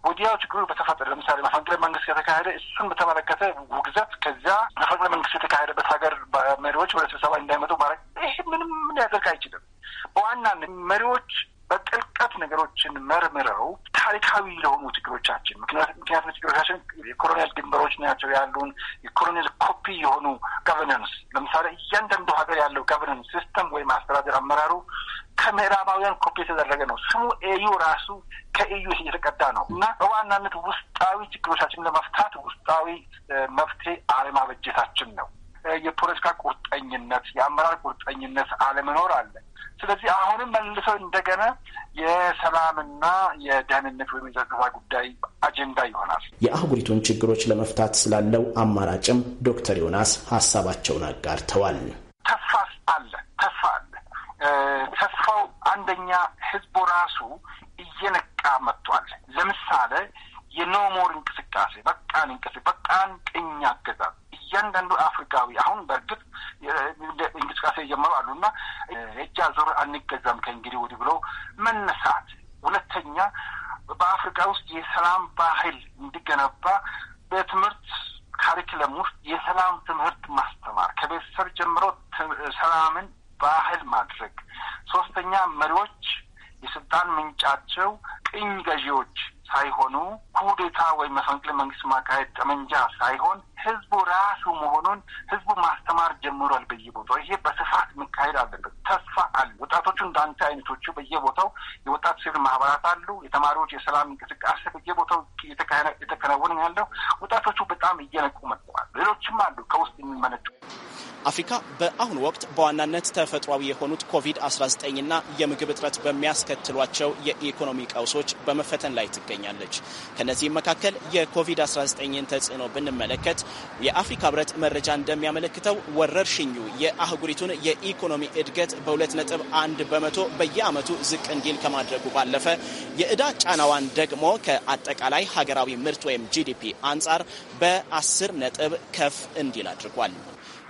ወዲያው ችግሩ በተፈጠረ ለምሳሌ መፈንቅለ መንግስት ከተካሄደ እሱን በተመለከተ ውግዘት፣ ከዚያ መፈንቅለ መንግስት የተካሄደበት ሀገር መሪዎች ወደ ስብሰባ እንዳይመጡ ማድረግ ይህ ምንም ሊያደርግ አይችልም። በዋናነት መሪዎች በጥልቀት ነገሮችን መርምረው ታሪካዊ ለሆኑ ችግሮቻችን ምክንያቱም ችግሮቻችን የኮሎኔል ድንበሮች ናቸው ያሉን የኮሎኔል ኮፒ የሆኑ ጋቨርናንስ ለምሳሌ እያንዳንዱ ሀገር ያለው ጋቨርናንስ ሲስተም ወይም አስተዳደር አመራሩ ከምዕራባውያን ኮፒ የተደረገ ነው። ስሙ ኤዩ ራሱ ከኤዩ የተቀዳ ነው እና በዋናነት ውስጣዊ ችግሮቻችን ለመፍታት ውስጣዊ መፍትሄ አለማበጀታችን ነው። የፖለቲካ ቁርጠኝነት፣ የአመራር ቁርጠኝነት አለመኖር አለ። ስለዚህ አሁንም መልሰው እንደገና የሰላምና የደህንነት ወይም የጸጥታ ጉዳይ አጀንዳ ይሆናል። የአህጉሪቱን ችግሮች ለመፍታት ስላለው አማራጭም ዶክተር ዮናስ ሀሳባቸውን አጋርተዋል። ተስፋ አለ። ተስፋ አለ። ተስፋው አንደኛ ህዝቡ ራሱ እየነቃ መጥቷል። ለምሳሌ የኖሞር እንቅስቃሴ በቃን እንቅስቃሴ በቃን ቅኝ አገዛዝ እያንዳንዱ አፍሪካዊ አሁን በእርግጥ እንቅስቃሴ የጀመሩ አሉና እጃ ዞር አንገዛም ከእንግዲህ ወዲህ ብሎ መነሳት፣ ሁለተኛ በአፍሪካ ውስጥ የሰላም ባህል እንዲገነባ በትምህርት ካሪክለም ውስጥ የሰላም ትምህርት ማስተማር ከቤተሰብ ጀምሮ ሰላምን ባህል ማድረግ፣ ሶስተኛ መሪዎች የስልጣን ምንጫቸው ቅኝ ገዢዎች ሳይሆኑ ኩዴታ ወይም መፈንቅለ መንግስት ማካሄድ ጠመንጃ ሳይሆን ህዝቡ ራሱ መሆኑን ህዝቡ ማስተማር ጀምሯል። በየቦታው ይሄ በስፋት መካሄድ አለበት። ተስፋ አለ። ወጣቶቹ እንዳንተ አይነቶቹ በየቦታው የወጣት ሲቪል ማህበራት አሉ። የተማሪዎች የሰላም እንቅስቃሴ በየቦታው የተከናወነ ያለው ወጣቶች አፍሪካ በአሁኑ ወቅት በዋናነት ተፈጥሯዊ የሆኑት ኮቪድ-19ና የምግብ እጥረት በሚያስከትሏቸው የኢኮኖሚ ቀውሶች በመፈተን ላይ ትገኛለች። ከነዚህም መካከል የኮቪድ-19ን ተጽዕኖ ብንመለከት የአፍሪካ ህብረት መረጃ እንደሚያመለክተው ወረርሽኙ የአህጉሪቱን የኢኮኖሚ እድገት በ2.1 በመቶ በየአመቱ ዝቅ እንዲል ከማድረጉ ባለፈ የእዳ ጫናዋን ደግሞ ከአጠቃላይ ሀገራዊ ምርት ወይም ጂዲፒ አንጻር በ10 ነጥብ ከፍ እንዲል አድርጓል።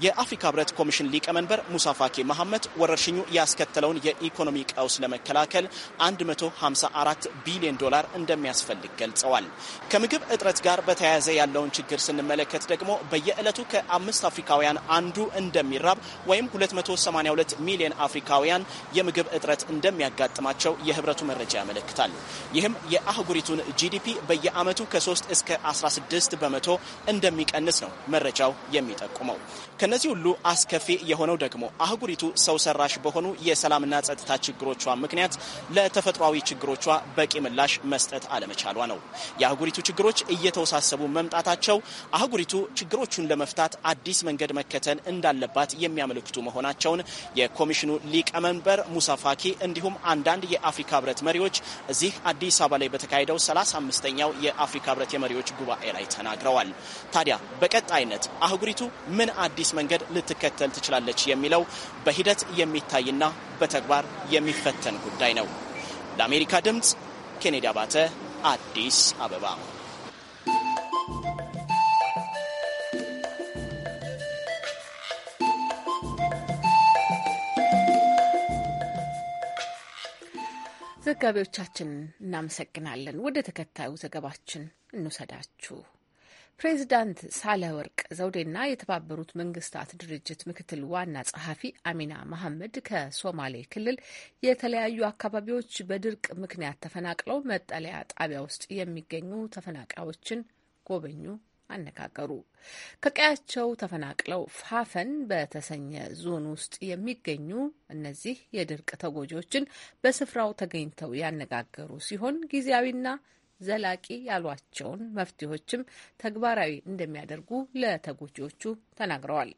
የአፍሪካ ህብረት ኮሚሽን ሊቀመንበር ሙሳ ፋኪ መሐመድ ወረርሽኙ ያስከተለውን የኢኮኖሚ ቀውስ ለመከላከል 154 ቢሊዮን ዶላር እንደሚያስፈልግ ገልጸዋል። ከምግብ እጥረት ጋር በተያያዘ ያለውን ችግር ስንመለከት ደግሞ በየዕለቱ ከአምስት አፍሪካውያን አንዱ እንደሚራብ ወይም 282 ሚሊዮን አፍሪካውያን የምግብ እጥረት እንደሚያጋጥማቸው የህብረቱ መረጃ ያመለክታል። ይህም የአህጉሪቱን ጂዲፒ በየዓመቱ ከ3 እስከ 16 በመቶ እንደሚቀንስ ነው መረጃው የሚጠቁመው። ከነዚህ ሁሉ አስከፊ የሆነው ደግሞ አህጉሪቱ ሰው ሰራሽ በሆኑ የሰላምና ጸጥታ ችግሮቿ ምክንያት ለተፈጥሯዊ ችግሮቿ በቂ ምላሽ መስጠት አለመቻሏ ነው። የአህጉሪቱ ችግሮች እየተወሳሰቡ መምጣታቸው አህጉሪቱ ችግሮቹን ለመፍታት አዲስ መንገድ መከተል እንዳለባት የሚያመለክቱ መሆናቸውን የኮሚሽኑ ሊቀመንበር ሙሳ ፋኪ እንዲሁም አንዳንድ የአፍሪካ ህብረት መሪዎች እዚህ አዲስ አበባ ላይ በተካሄደው 35ኛው የአፍሪካ ህብረት የመሪዎች ጉባኤ ላይ ተናግረዋል። ታዲያ በቀጣይነት አህጉሪቱ ምን አዲስ መንገድ ልትከተል ትችላለች የሚለው በሂደት የሚታይና በተግባር የሚፈተን ጉዳይ ነው። ለአሜሪካ ድምፅ ኬኔዲ አባተ አዲስ አበባ። ዘጋቢዎቻችን እናመሰግናለን። ወደ ተከታዩ ዘገባችን እንውሰዳችሁ። ፕሬዚዳንት ሳህለወርቅ ዘውዴና የተባበሩት መንግስታት ድርጅት ምክትል ዋና ጸሐፊ አሚና መሐመድ ከሶማሌ ክልል የተለያዩ አካባቢዎች በድርቅ ምክንያት ተፈናቅለው መጠለያ ጣቢያ ውስጥ የሚገኙ ተፈናቃዮችን ጎበኙ፣ አነጋገሩ። ከቀያቸው ተፈናቅለው ፋፈን በተሰኘ ዞን ውስጥ የሚገኙ እነዚህ የድርቅ ተጎጂዎችን በስፍራው ተገኝተው ያነጋገሩ ሲሆን ጊዜያዊና ዘላቂ ያሏቸውን መፍትሄዎችም ተግባራዊ እንደሚያደርጉ ለተጎጂዎቹ ተናግረዋል።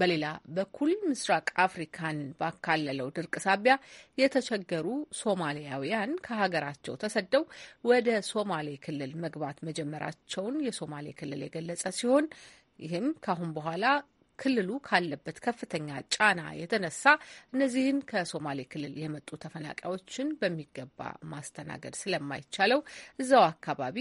በሌላ በኩል ምስራቅ አፍሪካን ባካለለው ድርቅ ሳቢያ የተቸገሩ ሶማሊያውያን ከሀገራቸው ተሰደው ወደ ሶማሌ ክልል መግባት መጀመራቸውን የሶማሌ ክልል የገለጸ ሲሆን ይህም ካሁን በኋላ ክልሉ ካለበት ከፍተኛ ጫና የተነሳ እነዚህን ከሶማሌ ክልል የመጡ ተፈናቃዮችን በሚገባ ማስተናገድ ስለማይቻለው እዛው አካባቢ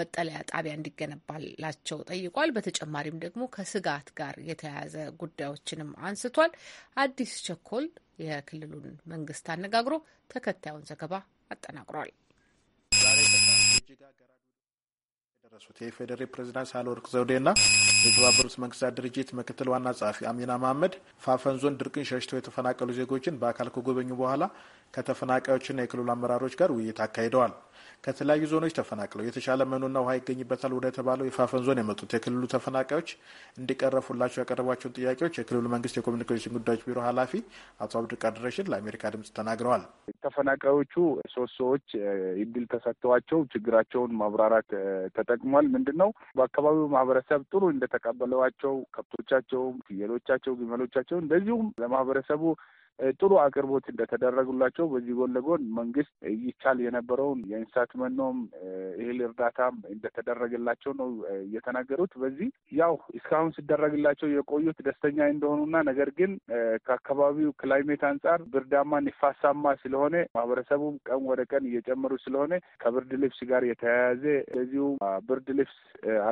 መጠለያ ጣቢያ እንዲገነባላቸው ጠይቋል። በተጨማሪም ደግሞ ከስጋት ጋር የተያያዘ ጉዳዮችንም አንስቷል። አዲስ ቸኮል የክልሉን መንግስት አነጋግሮ ተከታዩን ዘገባ አጠናቅሯል። የደረሱት የኢፌዴሪ ፕሬዚዳንት ሳህለወርቅ ዘውዴና የተባበሩት መንግስታት ድርጅት ምክትል ዋና ጸሐፊ አሚና መሀመድ ፋፈን ዞን ድርቅን ሸሽተው የተፈናቀሉ ዜጎችን በአካል ከጎበኙ በኋላ ከተፈናቃዮችና የክልሉ አመራሮች ጋር ውይይት አካሂደዋል። ከተለያዩ ዞኖች ተፈናቅለው የተሻለ መኖና ውሃ ይገኝበታል ወደ ተባለው የፋፈን ዞን የመጡት የክልሉ ተፈናቃዮች እንዲቀረፉላቸው ያቀረቧቸውን ጥያቄዎች የክልሉ መንግስት የኮሚኒኬሽን ጉዳዮች ቢሮ ኃላፊ አቶ አብዱልቃድር ረሽድ ለአሜሪካ ድምጽ ተናግረዋል። ተፈናቃዮቹ ሶስት ሰዎች እድል ተሰጥተዋቸው ችግራቸውን ማብራራት ተጠቅሟል። ምንድን ነው በአካባቢው ማህበረሰብ ጥሩ እንደተቀበለዋቸው ከብቶቻቸውም፣ ፍየሎቻቸው፣ ግመሎቻቸው እንደዚሁም ለማህበረሰቡ ጥሩ አቅርቦት እንደተደረጉላቸው በዚህ ጎን ለጎን መንግስት ይቻል የነበረውን የእንስሳት መኖም እህል እርዳታም እንደተደረገላቸው ነው የተናገሩት። በዚህ ያው እስካሁን ሲደረግላቸው የቆዩት ደስተኛ እንደሆኑና ነገር ግን ከአካባቢው ክላይሜት አንጻር ብርዳማ ንፋሳማ ስለሆነ ማህበረሰቡም ቀን ወደ ቀን እየጨመሩ ስለሆነ ከብርድ ልብስ ጋር የተያያዘ እንደዚሁ ብርድ ልብስ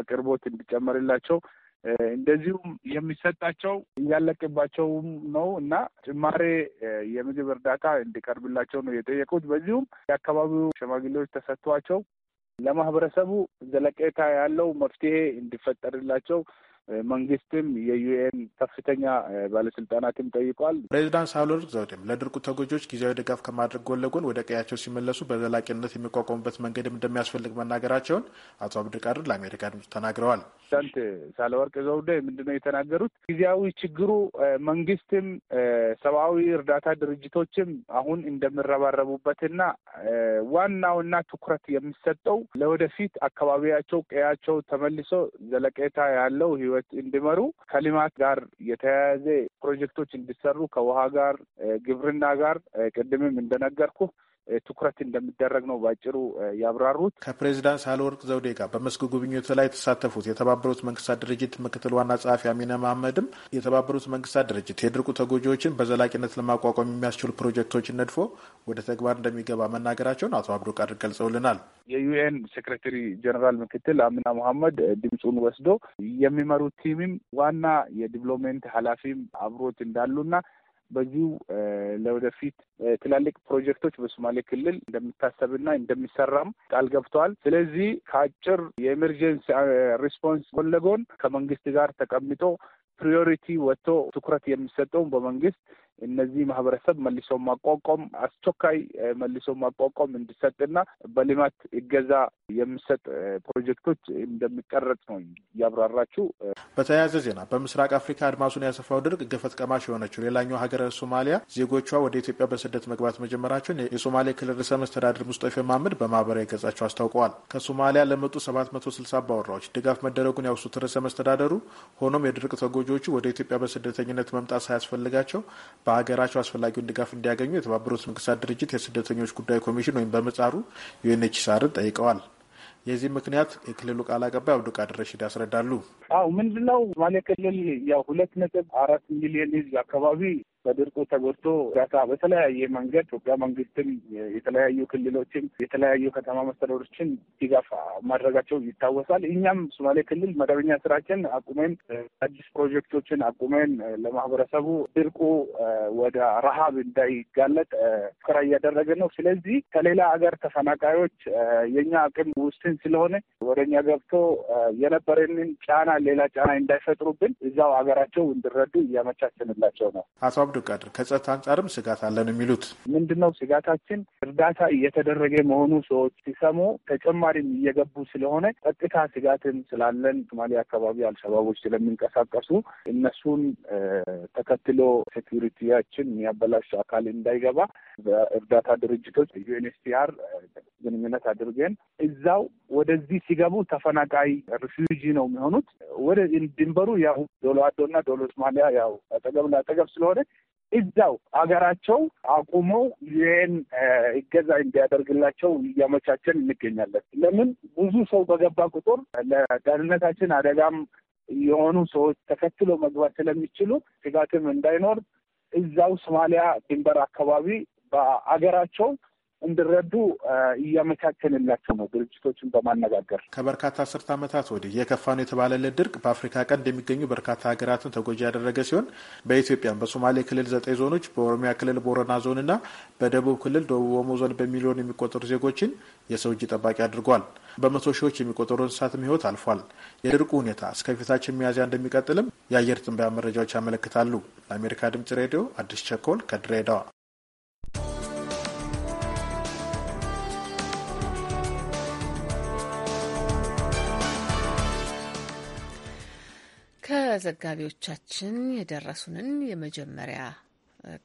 አቅርቦት እንዲጨመርላቸው እንደዚሁም የሚሰጣቸው እያለቀባቸውም ነው እና ጭማሬ የምግብ እርዳታ እንዲቀርብላቸው ነው የጠየቁት። በዚሁም የአካባቢው ሸማግሌዎች ተሰጥቷቸው ለማህበረሰቡ ዘለቄታ ያለው መፍትሄ እንዲፈጠርላቸው መንግስትም የዩኤን ከፍተኛ ባለስልጣናትም ጠይቋል። ፕሬዚዳንት ሳህለወርቅ ዘውዴም ለድርቁ ተጎጂዎች ጊዜያዊ ድጋፍ ከማድረግ ጎን ለጎን ወደ ቀያቸው ሲመለሱ በዘላቂነት የሚቋቋሙበት መንገድም እንደሚያስፈልግ መናገራቸውን አቶ አብድርቃድር ለአሜሪካ ድምጽ ተናግረዋል። ፕሬዚዳንት ሳህለወርቅ ዘውዴ ምንድነው የተናገሩት? ጊዜያዊ ችግሩ መንግስትም ሰብአዊ እርዳታ ድርጅቶችም አሁን እንደሚረባረቡበትና ዋናውና ትኩረት የሚሰጠው ለወደፊት አካባቢያቸው ቀያቸው ተመልሶ ዘለቄታ ያለው ህይወት ሰዎች እንዲመሩ ከልማት ጋር የተያያዘ ፕሮጀክቶች እንዲሰሩ ከውሃ ጋር፣ ግብርና ጋር ቅድምም እንደነገርኩ ትኩረት እንደሚደረግ ነው በአጭሩ ያብራሩት። ከፕሬዚዳንት ሳህለወርቅ ዘውዴ ጋር በመስክ ጉብኝቱ ላይ የተሳተፉት የተባበሩት መንግስታት ድርጅት ምክትል ዋና ጸሐፊ አሚና መሐመድም የተባበሩት መንግስታት ድርጅት የድርቁ ተጎጂዎችን በዘላቂነት ለማቋቋም የሚያስችሉ ፕሮጀክቶችን ነድፎ ወደ ተግባር እንደሚገባ መናገራቸውን አቶ አብዱቃድር ገልጸውልናል። የዩኤን ሴክሬታሪ ጀኔራል ምክትል አሚና መሐመድ ድምፁን ወስዶ የሚመሩት ቲምም ዋና የዲቨሎፕሜንት ኃላፊም አብሮት እንዳሉና በዚሁ ለወደፊት ትላልቅ ፕሮጀክቶች በሶማሌ ክልል እንደሚታሰብና እንደሚሰራም ቃል ገብተዋል። ስለዚህ ከአጭር የኤመርጀንሲ ሪስፖንስ ጎን ለጎን ከመንግስት ጋር ተቀምጦ ፕሪዮሪቲ ወጥቶ ትኩረት የሚሰጠውን በመንግስት እነዚህ ማህበረሰብ መልሶ ማቋቋም አስቸኳይ መልሶ ማቋቋም እንዲሰጥና በልማት እገዛ የሚሰጥ ፕሮጀክቶች እንደሚቀረጽ ነው እያብራራችሁ። በተያያዘ ዜና በምስራቅ አፍሪካ አድማሱን ያሰፋው ድርቅ ገፈት ቀማሽ የሆነችው ሌላኛው ሀገር ሶማሊያ ዜጎቿ ወደ ኢትዮጵያ በስደት መግባት መጀመራቸውን የሶማሌ ክልል ርዕሰ መስተዳድር ሙስጠፌ ማምድ በማህበራዊ ገጻቸው አስታውቀዋል። ከሶማሊያ ለመጡ 760 አባወራዎች ድጋፍ መደረጉን ያውሱት ርዕሰ መስተዳደሩ ሆኖም የድርቅ ተጎጂዎቹ ወደ ኢትዮጵያ በስደተኝነት መምጣት ሳያስፈልጋቸው በሀገራቸው አስፈላጊውን ድጋፍ እንዲያገኙ የተባበሩት መንግስታት ድርጅት የስደተኞች ጉዳይ ኮሚሽን ወይም በምጻሩ ዩኤንኤችሲአርን ጠይቀዋል። የዚህ ምክንያት የክልሉ ቃል አቀባይ አብዱልቃድር ረሽድ ያስረዳሉ። አው ምንድነው ማሌ ክልል ያው ሁለት ነጥብ አራት ሚሊዮን ህዝብ አካባቢ በድርቁ ተጎድቶ እርዳታ በተለያየ መንገድ ኢትዮጵያ መንግስትም የተለያዩ ክልሎችም የተለያዩ ከተማ መስተዳደሮችን ድጋፍ ማድረጋቸው ይታወሳል። እኛም ሶማሌ ክልል መደበኛ ስራችን አቁመን አዲስ ፕሮጀክቶችን አቁመን ለማህበረሰቡ ድርቁ ወደ ረሀብ እንዳይጋለጥ ሙከራ እያደረገ ነው። ስለዚህ ከሌላ ሀገር ተፈናቃዮች የኛ አቅም ውስን ስለሆነ ወደ እኛ ገብቶ የነበረንን ጫና ሌላ ጫና እንዳይፈጥሩብን እዛው ሀገራቸው እንዲረዱ እያመቻችንላቸው ነው። ቃድር ከጸጥታ አንጻርም ስጋት አለን የሚሉት ምንድነው ስጋታችን እርዳታ እየተደረገ መሆኑ ሰዎች ሲሰሙ ተጨማሪም እየገቡ ስለሆነ ጸጥታ ስጋትም ስላለን ሶማሌ አካባቢ አልሸባቦች ስለሚንቀሳቀሱ እነሱን ተከትሎ ሴኪሪቲያችን የሚያበላሽ አካል እንዳይገባ በእርዳታ ድርጅቶች ዩኤንኤችሲአር ግንኙነት አድርገን እዛው ወደዚህ ሲገቡ ተፈናቃይ ሪፊውጂ ነው የሚሆኑት። ወደ ድንበሩ ያው ዶሎ አዶና ዶሎ ሶማሊያ ያው አጠገብ ለአጠገብ ስለሆነ እዛው ሀገራቸው አቁመው ይህን እገዛ እንዲያደርግላቸው እያመቻቸን እንገኛለን። ለምን ብዙ ሰው በገባ ቁጥር ለደህንነታችን አደጋም የሆኑ ሰዎች ተከትሎ መግባት ስለሚችሉ ስጋትም እንዳይኖር እዛው ሶማሊያ ድንበር አካባቢ በአገራቸው እንዲረዱ እያመቻቸንላቸው ነው ድርጅቶችን በማነጋገር። ከበርካታ አስርት ዓመታት ወዲህ የከፋ ነው የተባለለት ድርቅ በአፍሪካ ቀንድ የሚገኙ በርካታ ሀገራትን ተጎጂ ያደረገ ሲሆን በኢትዮጵያም በሶማሌ ክልል ዘጠኝ ዞኖች፣ በኦሮሚያ ክልል ቦረና ዞንና በደቡብ ክልል ደቡብ ኦሞ ዞን በሚሊዮን የሚቆጠሩ ዜጎችን የሰው እጅ ጠባቂ አድርጓል። በመቶ ሺዎች የሚቆጠሩ እንስሳትም ህይወት አልፏል። የድርቁ ሁኔታ እስከፊታችን ሚያዝያ እንደሚቀጥልም የአየር ትንበያ መረጃዎች ያመለክታሉ። ለአሜሪካ ድምጽ ሬዲዮ አዲስ ቸኮል ከድሬዳዋ ከዘጋቢዎቻችን የደረሱንን የመጀመሪያ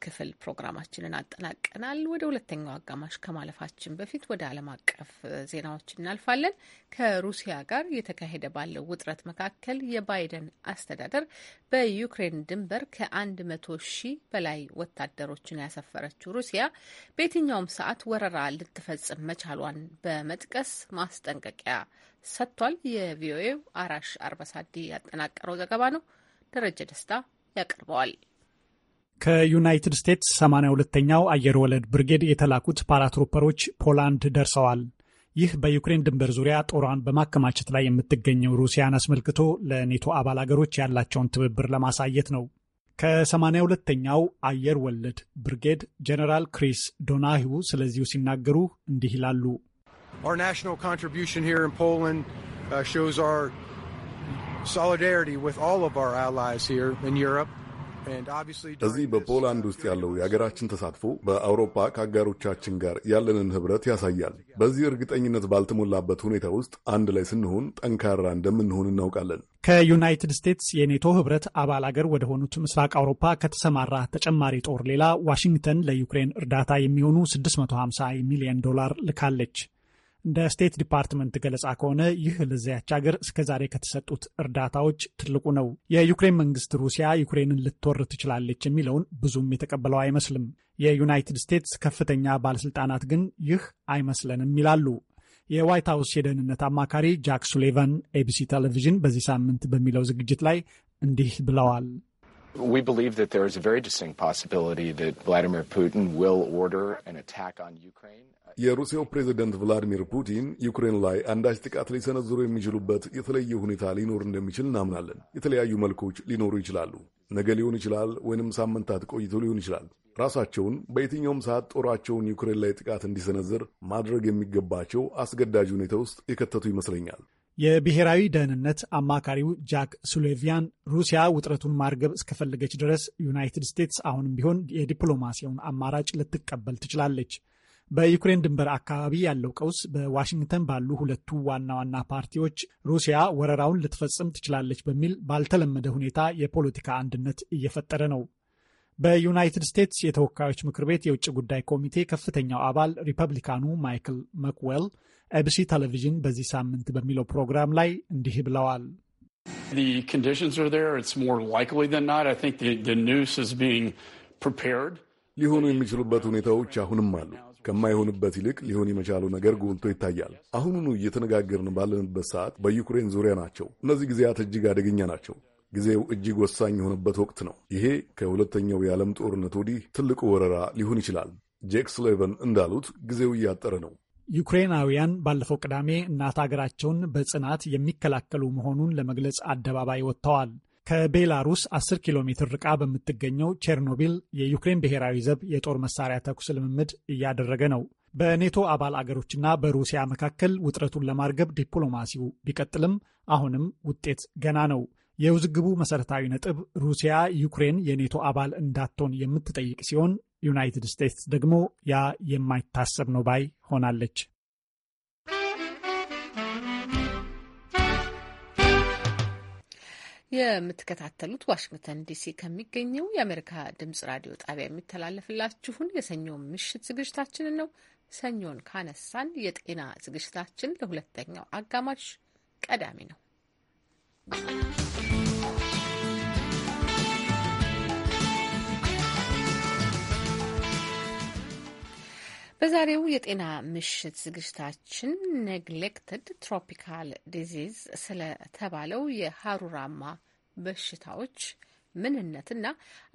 ክፍል ፕሮግራማችንን አጠናቀናል። ወደ ሁለተኛው አጋማሽ ከማለፋችን በፊት ወደ ዓለም አቀፍ ዜናዎች እናልፋለን። ከሩሲያ ጋር የተካሄደ ባለው ውጥረት መካከል የባይደን አስተዳደር በዩክሬን ድንበር ከአንድ መቶ ሺህ በላይ ወታደሮችን ያሰፈረችው ሩሲያ በየትኛውም ሰዓት ወረራ ልትፈጽም መቻሏን በመጥቀስ ማስጠንቀቂያ ሰጥቷል። የቪኦኤው አራሽ አርበሳዲ ያጠናቀረው ዘገባ ነው። ደረጀ ደስታ ያቀርበዋል። ከዩናይትድ ስቴትስ 82ኛው አየር ወለድ ብርጌድ የተላኩት ፓራትሮፐሮች ፖላንድ ደርሰዋል። ይህ በዩክሬን ድንበር ዙሪያ ጦሯን በማከማቸት ላይ የምትገኘው ሩሲያን አስመልክቶ ለኔቶ አባል አገሮች ያላቸውን ትብብር ለማሳየት ነው። ከ82ኛው አየር ወለድ ብርጌድ ጀነራል ክሪስ ዶናሂው ስለዚሁ ሲናገሩ እንዲህ ይላሉ። Our national contribution here in Poland uh, shows our solidarity with all of our allies here in Europe. እዚህ በፖላንድ ውስጥ ያለው የሀገራችን ተሳትፎ በአውሮፓ ከአጋሮቻችን ጋር ያለንን ህብረት ያሳያል። በዚህ እርግጠኝነት ባልተሞላበት ሁኔታ ውስጥ አንድ ላይ ስንሆን ጠንካራ እንደምንሆን እናውቃለን። ከዩናይትድ ስቴትስ የኔቶ ህብረት አባል አገር ወደ ሆኑት ምስራቅ አውሮፓ ከተሰማራ ተጨማሪ ጦር ሌላ ዋሽንግተን ለዩክሬን እርዳታ የሚሆኑ 650 ሚሊዮን ዶላር ልካለች። እንደ ስቴት ዲፓርትመንት ገለጻ ከሆነ ይህ ለዚያች ሀገር እስከዛሬ ከተሰጡት እርዳታዎች ትልቁ ነው። የዩክሬን መንግስት ሩሲያ ዩክሬንን ልትወር ትችላለች የሚለውን ብዙም የተቀበለው አይመስልም። የዩናይትድ ስቴትስ ከፍተኛ ባለስልጣናት ግን ይህ አይመስለንም ይላሉ። የዋይት ሀውስ የደህንነት አማካሪ ጃክ ሱሌቨን ኤቢሲ ቴሌቪዥን በዚህ ሳምንት በሚለው ዝግጅት ላይ እንዲህ ብለዋል። የሩሲያው ፕሬዚደንት ቭላዲሚር ፑቲን ዩክሬን ላይ አንዳች ጥቃት ሊሰነዝሩ የሚችሉበት የተለየ ሁኔታ ሊኖር እንደሚችል እናምናለን። የተለያዩ መልኮች ሊኖሩ ይችላሉ። ነገ ሊሆን ይችላል፣ ወይንም ሳምንታት ቆይቶ ሊሆን ይችላል። ራሳቸውን በየትኛውም ሰዓት ጦራቸውን ዩክሬን ላይ ጥቃት እንዲሰነዝር ማድረግ የሚገባቸው አስገዳጅ ሁኔታ ውስጥ የከተቱ ይመስለኛል። የብሔራዊ ደህንነት አማካሪው ጃክ ሱሌቪያን ሩሲያ ውጥረቱን ማርገብ እስከፈለገች ድረስ ዩናይትድ ስቴትስ አሁንም ቢሆን የዲፕሎማሲውን አማራጭ ልትቀበል ትችላለች። በዩክሬን ድንበር አካባቢ ያለው ቀውስ በዋሽንግተን ባሉ ሁለቱ ዋና ዋና ፓርቲዎች ሩሲያ ወረራውን ልትፈጽም ትችላለች በሚል ባልተለመደ ሁኔታ የፖለቲካ አንድነት እየፈጠረ ነው። በዩናይትድ ስቴትስ የተወካዮች ምክር ቤት የውጭ ጉዳይ ኮሚቴ ከፍተኛው አባል ሪፐብሊካኑ ማይክል መክዌል ኤቢሲ ቴሌቪዥን በዚህ ሳምንት በሚለው ፕሮግራም ላይ እንዲህ ብለዋል። ሊሆኑ የሚችሉበት ሁኔታዎች አሁንም አሉ። ከማይሆንበት ይልቅ ሊሆን የመቻለው ነገር ጎልቶ ይታያል። አሁኑኑ እየተነጋገርን ባለንበት ሰዓት በዩክሬን ዙሪያ ናቸው። እነዚህ ጊዜያት እጅግ አደገኛ ናቸው። ጊዜው እጅግ ወሳኝ የሆነበት ወቅት ነው። ይሄ ከሁለተኛው የዓለም ጦርነት ወዲህ ትልቁ ወረራ ሊሆን ይችላል። ጄክ ስሌቨን እንዳሉት ጊዜው እያጠረ ነው። ዩክሬናውያን ባለፈው ቅዳሜ እናት አገራቸውን በጽናት የሚከላከሉ መሆኑን ለመግለጽ አደባባይ ወጥተዋል። ከቤላሩስ 10 ኪሎ ሜትር ርቃ በምትገኘው ቼርኖቢል የዩክሬን ብሔራዊ ዘብ የጦር መሳሪያ ተኩስ ልምምድ እያደረገ ነው። በኔቶ አባል አገሮችና በሩሲያ መካከል ውጥረቱን ለማርገብ ዲፕሎማሲው ቢቀጥልም አሁንም ውጤት ገና ነው። የውዝግቡ መሰረታዊ ነጥብ ሩሲያ ዩክሬን የኔቶ አባል እንዳትሆን የምትጠይቅ ሲሆን ዩናይትድ ስቴትስ ደግሞ ያ የማይታሰብ ነው ባይ ሆናለች። የምትከታተሉት ዋሽንግተን ዲሲ ከሚገኘው የአሜሪካ ድምጽ ራዲዮ ጣቢያ የሚተላለፍላችሁን የሰኞ ምሽት ዝግጅታችንን ነው። ሰኞን ካነሳን የጤና ዝግጅታችን ለሁለተኛው አጋማሽ ቀዳሚ ነው። በዛሬው የጤና ምሽት ዝግጅታችን ኔግሌክትድ ትሮፒካል ዲዚዝ ስለተባለው የሀሩራማ በሽታዎች ምንነትና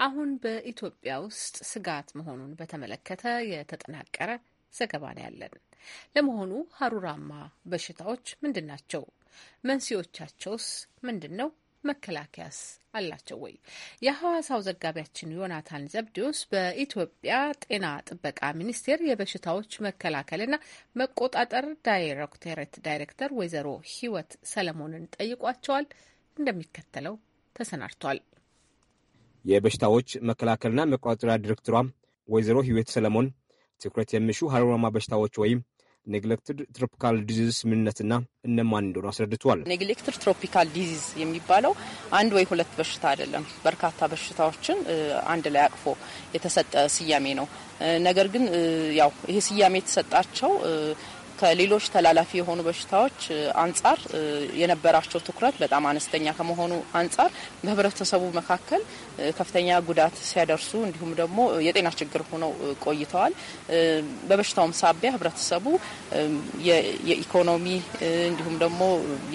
አሁን በኢትዮጵያ ውስጥ ስጋት መሆኑን በተመለከተ የተጠናቀረ ዘገባ ነው ያለን። ለመሆኑ ሀሩራማ በሽታዎች ምንድን ናቸው? መንስኤዎቻቸውስ ምንድን ነው? መከላከያስ አላቸው ወይ? የሐዋሳው ዘጋቢያችን ዮናታን ዘብዲዎስ በኢትዮጵያ ጤና ጥበቃ ሚኒስቴር የበሽታዎች መከላከልና መቆጣጠር ዳይሬክቶሬት ዳይሬክተር ወይዘሮ ህይወት ሰለሞንን ጠይቋቸዋል። እንደሚከተለው ተሰናድቷል። የበሽታዎች መከላከልና መቆጣጠሪያ ዲሬክተሯ ወይዘሮ ህይወት ሰለሞን ትኩረት የሚሹ ሀሩራማ በሽታዎች ወይም ኔግሌክትድ ትሮፒካል ዲዚዝ ምንነትና እነማን እንደሆኑ አስረድቷል። ኔግሌክትድ ትሮፒካል ዲዚዝ የሚባለው አንድ ወይ ሁለት በሽታ አይደለም፣ በርካታ በሽታዎችን አንድ ላይ አቅፎ የተሰጠ ስያሜ ነው። ነገር ግን ያው ይሄ ስያሜ የተሰጣቸው ከሌሎች ተላላፊ የሆኑ በሽታዎች አንጻር የነበራቸው ትኩረት በጣም አነስተኛ ከመሆኑ አንጻር በህብረተሰቡ መካከል ከፍተኛ ጉዳት ሲያደርሱ እንዲሁም ደግሞ የጤና ችግር ሆነው ቆይተዋል። በበሽታውም ሳቢያ ህብረተሰቡ የኢኮኖሚ እንዲሁም ደግሞ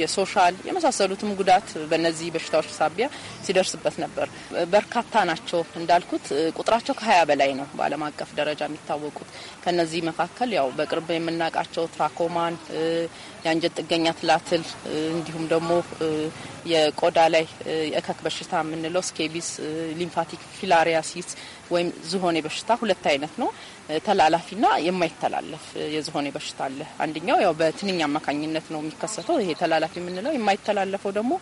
የሶሻል የመሳሰሉትም ጉዳት በእነዚህ በሽታዎች ሳቢያ ሲደርስበት ነበር። በርካታ ናቸው እንዳልኩት ቁጥራቸው ከሀያ በላይ ነው በዓለም አቀፍ ደረጃ የሚታወቁት ከነዚህ መካከል ያው በቅርብ የምናውቃቸው ትራኮማን፣ የአንጀት ጥገኛ ትላትል እንዲሁም ደግሞ የቆዳ ላይ የእከክ በሽታ የምንለው ስኬቢስ፣ ሊምፋቲክ ፊላሪያሲስ ወይም ዝሆኔ በሽታ ሁለት አይነት ነው። ተላላፊና የማይተላለፍ የዝሆኔ በሽታ አለ። አንደኛው ያው በትንኝ አማካኝነት ነው የሚከሰተው። ይሄ ተላላፊ የምንለው የማይተላለፈው ደግሞ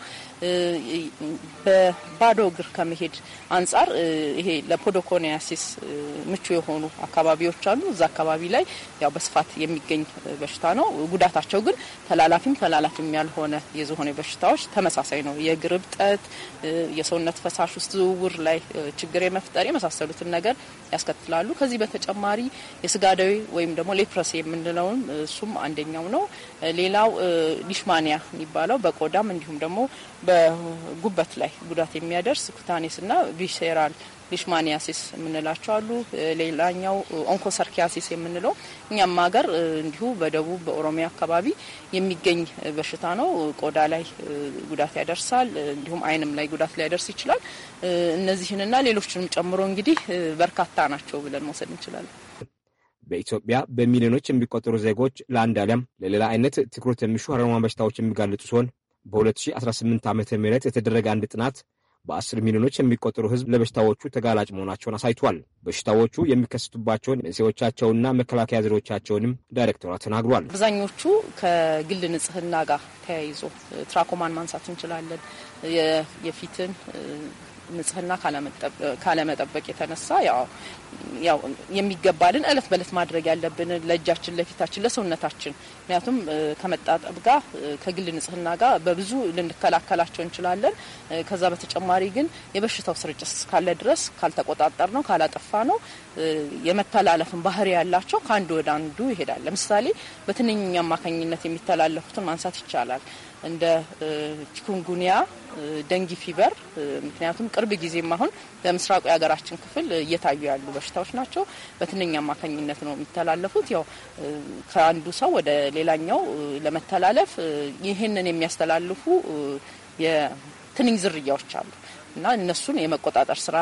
በባዶ እግር ከመሄድ አንጻር ይሄ ለፖዶኮኒያሲስ ምቹ የሆኑ አካባቢዎች አሉ። እዛ አካባቢ ላይ ያው በስፋት የሚገኝ በሽታ ነው። ጉዳታቸው ግን ተላላፊም ተላላፊም ያልሆነ የዝሆኔ በሽታዎች ተመሳሳይ ነው። የእግር እብጠት፣ የሰውነት ፈሳሽ ውስጥ ዝውውር ላይ ችግር የመፍጠር የመሳሰሉትን ነገር ያስከትላሉ። ከዚህ በተጨማ በተጨማሪ የስጋ ደዌ ወይም ደግሞ ሌፕረሲ የምንለውም እሱም አንደኛው ነው። ሌላው ሊሽማኒያ የሚባለው በቆዳም እንዲሁም ደግሞ በጉበት ላይ ጉዳት የሚያደርስ ኩታኔስና ቪሴራል ሊሽማኒያሲስ የምንላቸው አሉ። ሌላኛው ኦንኮሰርኪያሲስ የምንለው እኛም ሀገር እንዲሁ በደቡብ በኦሮሚያ አካባቢ የሚገኝ በሽታ ነው። ቆዳ ላይ ጉዳት ያደርሳል፣ እንዲሁም ዓይንም ላይ ጉዳት ሊያደርስ ይችላል። እነዚህንና ሌሎችንም ጨምሮ እንግዲህ በርካታ ናቸው ብለን መውሰድ እንችላለን። በኢትዮጵያ በሚሊዮኖች የሚቆጠሩ ዜጎች ለአንድ ዓለም ለሌላ አይነት ትኩረት የሚሹ ሀረማን በሽታዎች የሚጋለጡ ሲሆን በ2018 ዓ ም የተደረገ አንድ ጥናት በአስር ሚሊዮኖች የሚቆጠሩ ሕዝብ ለበሽታዎቹ ተጋላጭ መሆናቸውን አሳይቷል። በሽታዎቹ የሚከሰቱባቸውን መንስኤዎቻቸውና መከላከያ ዘዴዎቻቸውንም ዳይሬክተሯ ተናግሯል። አብዛኞቹ ከግል ንጽህና ጋር ተያይዞ ትራኮማን ማንሳት እንችላለን። የፊትን ንጽህና ካለመጠበቅ የተነሳ ያው የሚገባልን እለት በእለት ማድረግ ያለብን ለእጃችን፣ ለፊታችን፣ ለሰውነታችን ምክንያቱም ከመጣጠብ ጋር ከግል ንጽህና ጋር በብዙ ልንከላከላቸው እንችላለን። ከዛ በተጨማሪ ግን የበሽታው ስርጭት እስካለ ድረስ ካልተቆጣጠር ነው ካላጠፋ ነው የመተላለፍን ባህሪ ያላቸው ከአንዱ ወደ አንዱ ይሄዳል። ለምሳሌ በትንኝ አማካኝነት የሚተላለፉትን ማንሳት ይቻላል። እንደ ቺኩንጉኒያ፣ ደንጊ ፊበር ምክንያቱም ቅርብ ጊዜም አሁን በምስራቁ የሀገራችን ክፍል እየታዩ ያሉ በሽታዎች ናቸው። በትንኛ አማካኝነት ነው የሚተላለፉት። ያው ከአንዱ ሰው ወደ ሌላኛው ለመተላለፍ ይህንን የሚያስተላልፉ የትንኝ ዝርያዎች አሉ። እና እነሱን የመቆጣጠር ስራ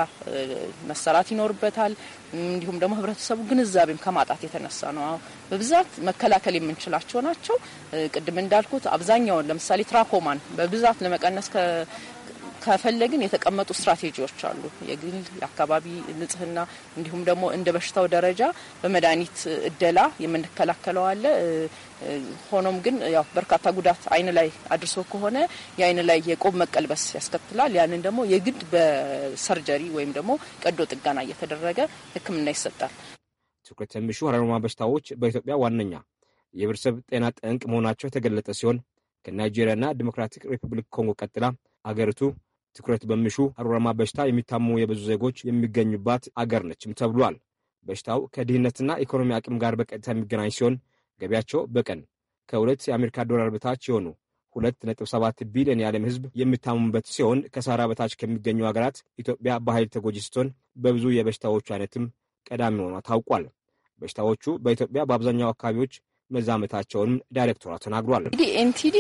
መሰራት ይኖርበታል። እንዲሁም ደግሞ ህብረተሰቡ ግንዛቤም ከማጣት የተነሳ ነው በብዛት መከላከል የምንችላቸው ናቸው። ቅድም እንዳልኩት አብዛኛውን ለምሳሌ ትራኮማን በብዛት ለመቀነስ ከፈለግን የተቀመጡ ስትራቴጂዎች አሉ። የግል የአካባቢ ንጽህና፣ እንዲሁም ደግሞ እንደ በሽታው ደረጃ በመድኃኒት እደላ የምንከላከለው አለ። ሆኖም ግን ያው በርካታ ጉዳት አይን ላይ አድርሶ ከሆነ የአይን ላይ የቆብ መቀልበስ ያስከትላል። ያንን ደግሞ የግድ በሰርጀሪ ወይም ደግሞ ቀዶ ጥገና እየተደረገ ሕክምና ይሰጣል። ትኩረት የሚሹ ሀረርማ በሽታዎች በኢትዮጵያ ዋነኛ የህብረተሰብ ጤና ጠንቅ መሆናቸው የተገለጠ ሲሆን ከናይጄሪያና ዲሞክራቲክ ሪፐብሊክ ኮንጎ ቀጥላ አገሪቱ ትኩረት በሚሹ አሮራማ በሽታ የሚታሙ የብዙ ዜጎች የሚገኙባት አገር ነችም ተብሏል። በሽታው ከድህነትና ኢኮኖሚ አቅም ጋር በቀጥታ የሚገናኝ ሲሆን ገቢያቸው በቀን ከሁለት የአሜሪካ ዶላር በታች የሆኑ 2.7 ቢሊዮን የዓለም ሕዝብ የሚታሙበት ሲሆን ከሳራ በታች ከሚገኙ ሀገራት ኢትዮጵያ በኃይል ተጎጂ ስትሆን በብዙ የበሽታዎቹ አይነትም ቀዳሚ ሆኗ ታውቋል። በሽታዎቹ በኢትዮጵያ በአብዛኛው አካባቢዎች መዛመታቸውን ዳይሬክተሯ ተናግሯል። እንግዲህ ኤንቲዲ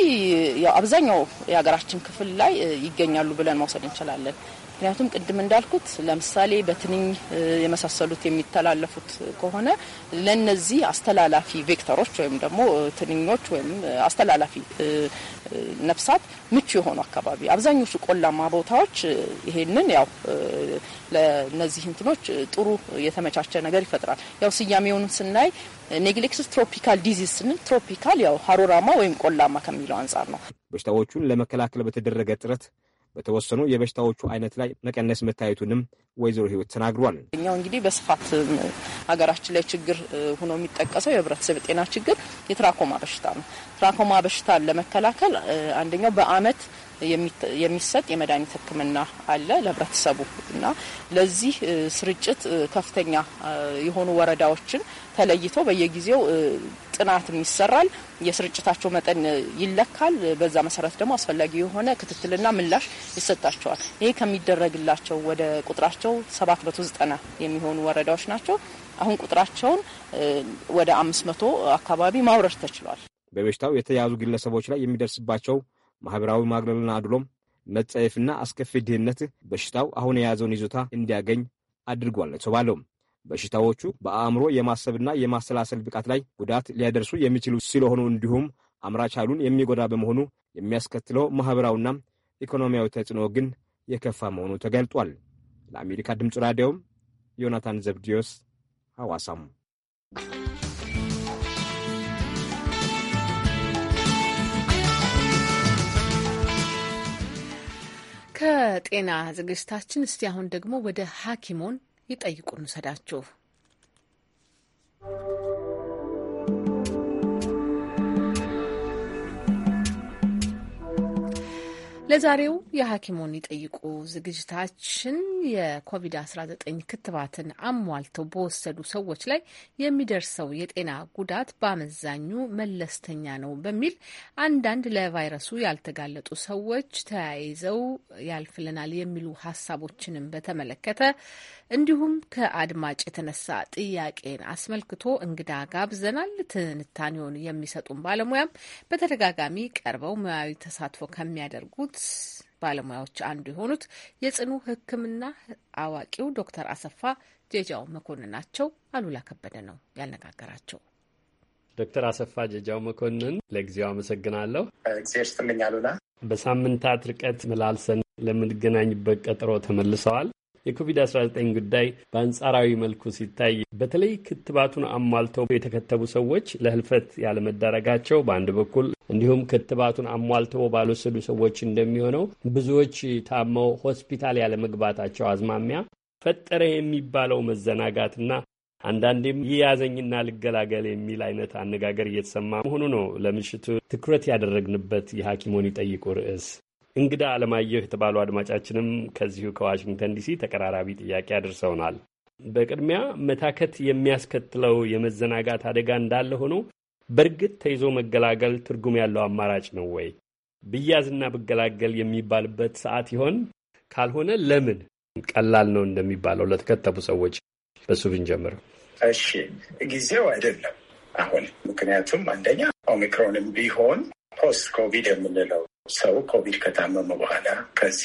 አብዛኛው የሀገራችን ክፍል ላይ ይገኛሉ ብለን መውሰድ እንችላለን። ምክንያቱም ቅድም እንዳልኩት ለምሳሌ በትንኝ የመሳሰሉት የሚተላለፉት ከሆነ ለነዚህ አስተላላፊ ቬክተሮች ወይም ደግሞ ትንኞች ወይም አስተላላፊ ነፍሳት ምቹ የሆኑ አካባቢ አብዛኞቹ ቆላማ ቦታዎች ይሄንን ያው ለነዚህ እንትኖች ጥሩ የተመቻቸ ነገር ይፈጥራል። ያው ስያሜውንም ስናይ ኔግሌክስ ትሮፒካል ዲዚዝ ስንል ትሮፒካል ያው ሀሮራማ ወይም ቆላማ ከሚለው አንጻር ነው። በሽታዎቹን ለመከላከል በተደረገ ጥረት በተወሰኑ የበሽታዎቹ አይነት ላይ መቀነስ መታየቱንም ወይዘሮ ህይወት ተናግሯል። እኛው እንግዲህ በስፋት ሀገራችን ላይ ችግር ሆኖ የሚጠቀሰው የህብረተሰብ ጤና ችግር የትራኮማ በሽታ ነው። ትራኮማ በሽታን ለመከላከል አንደኛው በአመት የሚሰጥ የመድኃኒት ሕክምና አለ ለህብረተሰቡ እና ለዚህ ስርጭት ከፍተኛ የሆኑ ወረዳዎችን ተለይቶ በየጊዜው ጥናትም ይሰራል። የስርጭታቸው መጠን ይለካል። በዛ መሰረት ደግሞ አስፈላጊ የሆነ ክትትልና ምላሽ ይሰጣቸዋል። ይሄ ከሚደረግላቸው ወደ ቁጥራቸው ሰባት መቶ ዘጠና የሚሆኑ ወረዳዎች ናቸው። አሁን ቁጥራቸውን ወደ አምስት መቶ አካባቢ ማውረድ ተችሏል። በበሽታው የተያዙ ግለሰቦች ላይ የሚደርስባቸው ማህበራዊ ማግለልና አድሎም መጸየፍና አስከፊ ድህነት በሽታው አሁን የያዘውን ይዞታ እንዲያገኝ አድርጓል የተባለው በሽታዎቹ በአእምሮ የማሰብና የማሰላሰል ብቃት ላይ ጉዳት ሊያደርሱ የሚችሉ ስለሆኑ እንዲሁም አምራች ኃይሉን የሚጎዳ በመሆኑ የሚያስከትለው ማህበራዊና ኢኮኖሚያዊ ተጽዕኖ ግን የከፋ መሆኑ ተገልጧል። ለአሜሪካ ድምፅ ራዲዮም ዮናታን ዘብዲዮስ ሐዋሳም ከጤና ዝግጅታችን እስቲ አሁን ደግሞ ወደ ሐኪሞን ይጠይቁን ውሰዳችሁ። ለዛሬው የሐኪሙን ይጠይቁ ዝግጅታችን የኮቪድ-19 ክትባትን አሟልተው በወሰዱ ሰዎች ላይ የሚደርሰው የጤና ጉዳት በአመዛኙ መለስተኛ ነው በሚል አንዳንድ ለቫይረሱ ያልተጋለጡ ሰዎች ተያይዘው ያልፍልናል የሚሉ ሀሳቦችንም በተመለከተ እንዲሁም ከአድማጭ የተነሳ ጥያቄን አስመልክቶ እንግዳ ጋብዘናል። ትንታኔውን የሚሰጡን ባለሙያም በተደጋጋሚ ቀርበው ሙያዊ ተሳትፎ ከሚያደርጉት ባለሙያዎች አንዱ የሆኑት የጽኑ ሕክምና አዋቂው ዶክተር አሰፋ ጀጃው መኮንን ናቸው። አሉላ ከበደ ነው ያነጋገራቸው። ዶክተር አሰፋ ጀጃው መኮንን ለጊዜው አመሰግናለሁ። እግዚአብሔር ይስጥልኝ አሉላ። በሳምንታት ርቀት መላልሰን ለምንገናኝበት ቀጠሮ ተመልሰዋል። የኮቪድ-19 ጉዳይ በአንጻራዊ መልኩ ሲታይ በተለይ ክትባቱን አሟልተው የተከተቡ ሰዎች ለህልፈት ያለመዳረጋቸው በአንድ በኩል እንዲሁም ክትባቱን አሟልተው ባልወሰዱ ሰዎች እንደሚሆነው ብዙዎች ታመው ሆስፒታል ያለመግባታቸው አዝማሚያ ፈጠረ የሚባለው መዘናጋትና አንዳንዴም ይያዘኝና ልገላገል የሚል አይነት አነጋገር እየተሰማ መሆኑ ነው ለምሽቱ ትኩረት ያደረግንበት የሐኪሞን ይጠይቁ ርዕስ። እንግዳ አለማየሁ የተባሉ አድማጫችንም ከዚሁ ከዋሽንግተን ዲሲ ተቀራራቢ ጥያቄ አድርሰውናል። በቅድሚያ መታከት የሚያስከትለው የመዘናጋት አደጋ እንዳለ ሆኖ በእርግጥ ተይዞ መገላገል ትርጉም ያለው አማራጭ ነው ወይ? ብያዝና ብገላገል የሚባልበት ሰዓት ይሆን? ካልሆነ ለምን ቀላል ነው እንደሚባለው ለተከተቡ ሰዎች በሱ ብንጀምር። እሺ፣ ጊዜው አይደለም አሁን። ምክንያቱም አንደኛ ኦሚክሮንም ቢሆን ፖስት ኮቪድ የምንለው ሰው ኮቪድ ከታመመ በኋላ ከዛ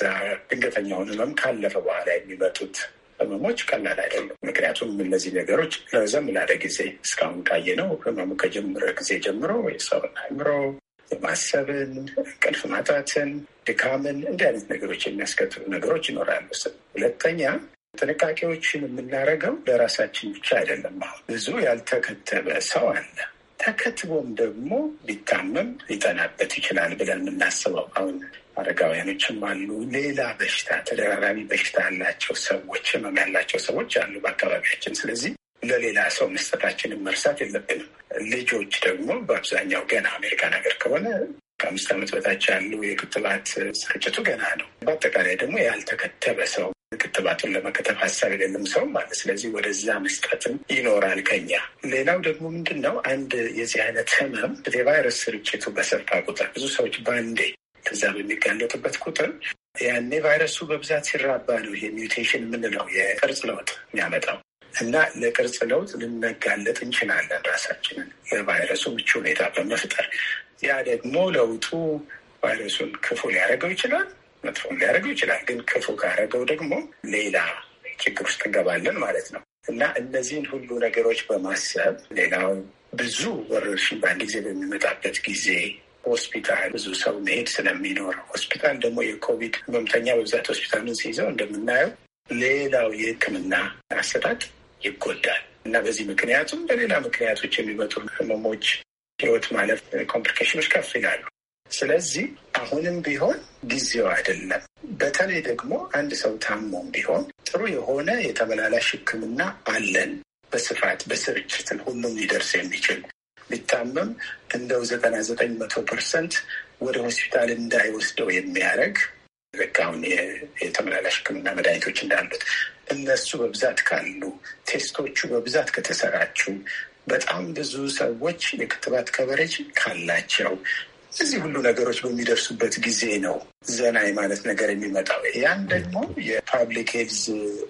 ድንገተኛውን ህመም ካለፈ በኋላ የሚመጡት ህመሞች ቀላል አይደለም። ምክንያቱም እነዚህ ነገሮች ረዘም ላለ ጊዜ እስካሁን ነው። ህመሙ ከጀመረ ጊዜ ጀምሮ የሰውን አእምሮ የማሰብን፣ እንቅልፍ ማጣትን፣ ድካምን እንዲህ አይነት ነገሮች የሚያስከትሉ ነገሮች ይኖራሉ። ሁለተኛ ጥንቃቄዎችን የምናደርገው ለራሳችን ብቻ አይደለም። አሁን ብዙ ያልተከተበ ሰው አለ። ተከትቦም ደግሞ ሊታመም ሊጠናበት ይችላል ብለን የምናስበው አሁን አረጋውያኖችም አሉ። ሌላ በሽታ ተደራራቢ በሽታ ያላቸው ሰዎች ህመም ያላቸው ሰዎች አሉ በአካባቢያችን። ስለዚህ ለሌላ ሰው መስጠታችንን መርሳት የለብንም። ልጆች ደግሞ በአብዛኛው ገና አሜሪካን ሀገር ከሆነ ከአምስት ዓመት በታች ያሉ የክትባት ስርጭቱ ገና ነው። በአጠቃላይ ደግሞ ያልተከተበ ሰው ክትባቱን ለመከተብ ሀሳብ የሌለም ሰው ማለት ስለዚህ ወደዛ መስጠትም ይኖራል። ከኛ ሌላው ደግሞ ምንድን ነው አንድ የዚህ አይነት ህመም የቫይረስ ስርጭቱ በሰፋ ቁጥር ብዙ ሰዎች በአንዴ እዛ በሚጋለጡበት ቁጥር ያኔ ቫይረሱ በብዛት ሲራባ ነው ይሄ ሚውቴሽን የምንለው የቅርጽ ለውጥ የሚያመጣው እና ለቅርጽ ለውጥ ልንጋለጥ እንችላለን ራሳችንን ለቫይረሱ ምቹ ሁኔታ በመፍጠር ያ ደግሞ ለውጡ ቫይረሱን ክፉ ሊያደርገው ይችላል መጥፎ ሊያደርገው ይችላል። ግን ክፉ ካደረገው ደግሞ ሌላ ችግር ውስጥ እንገባለን ማለት ነው እና እነዚህን ሁሉ ነገሮች በማሰብ ሌላው ብዙ ወረርሽኝ በአንድ ጊዜ በሚመጣበት ጊዜ ሆስፒታል ብዙ ሰው መሄድ ስለሚኖር ሆስፒታል ደግሞ የኮቪድ ህመምተኛ በብዛት ሆስፒታሉን ሲይዘው እንደምናየው ሌላው የሕክምና አሰጣጥ ይጎዳል እና በዚህ ምክንያቱም በሌላ ምክንያቶች የሚመጡ ህመሞች ህይወት ማለት ኮምፕሊኬሽኖች ከፍ ይላሉ። ስለዚህ አሁንም ቢሆን ጊዜው አይደለም። በተለይ ደግሞ አንድ ሰው ታሞም ቢሆን ጥሩ የሆነ የተመላላሽ ሕክምና አለን በስፋት በስርጭት ሁሉም ሊደርስ የሚችል ቢታመም እንደው ዘጠና ዘጠኝ መቶ ፐርሰንት ወደ ሆስፒታል እንዳይወስደው የሚያደርግ ልክ አሁን የተመላላሽ ህክምና መድኃኒቶች እንዳሉት እነሱ በብዛት ካሉ ቴስቶቹ በብዛት ከተሰራችው በጣም ብዙ ሰዎች የክትባት ከበሬጅ ካላቸው እዚህ ሁሉ ነገሮች በሚደርሱበት ጊዜ ነው ዘና የማለት ነገር የሚመጣው። ያን ደግሞ የፓብሊክ ሄልዝ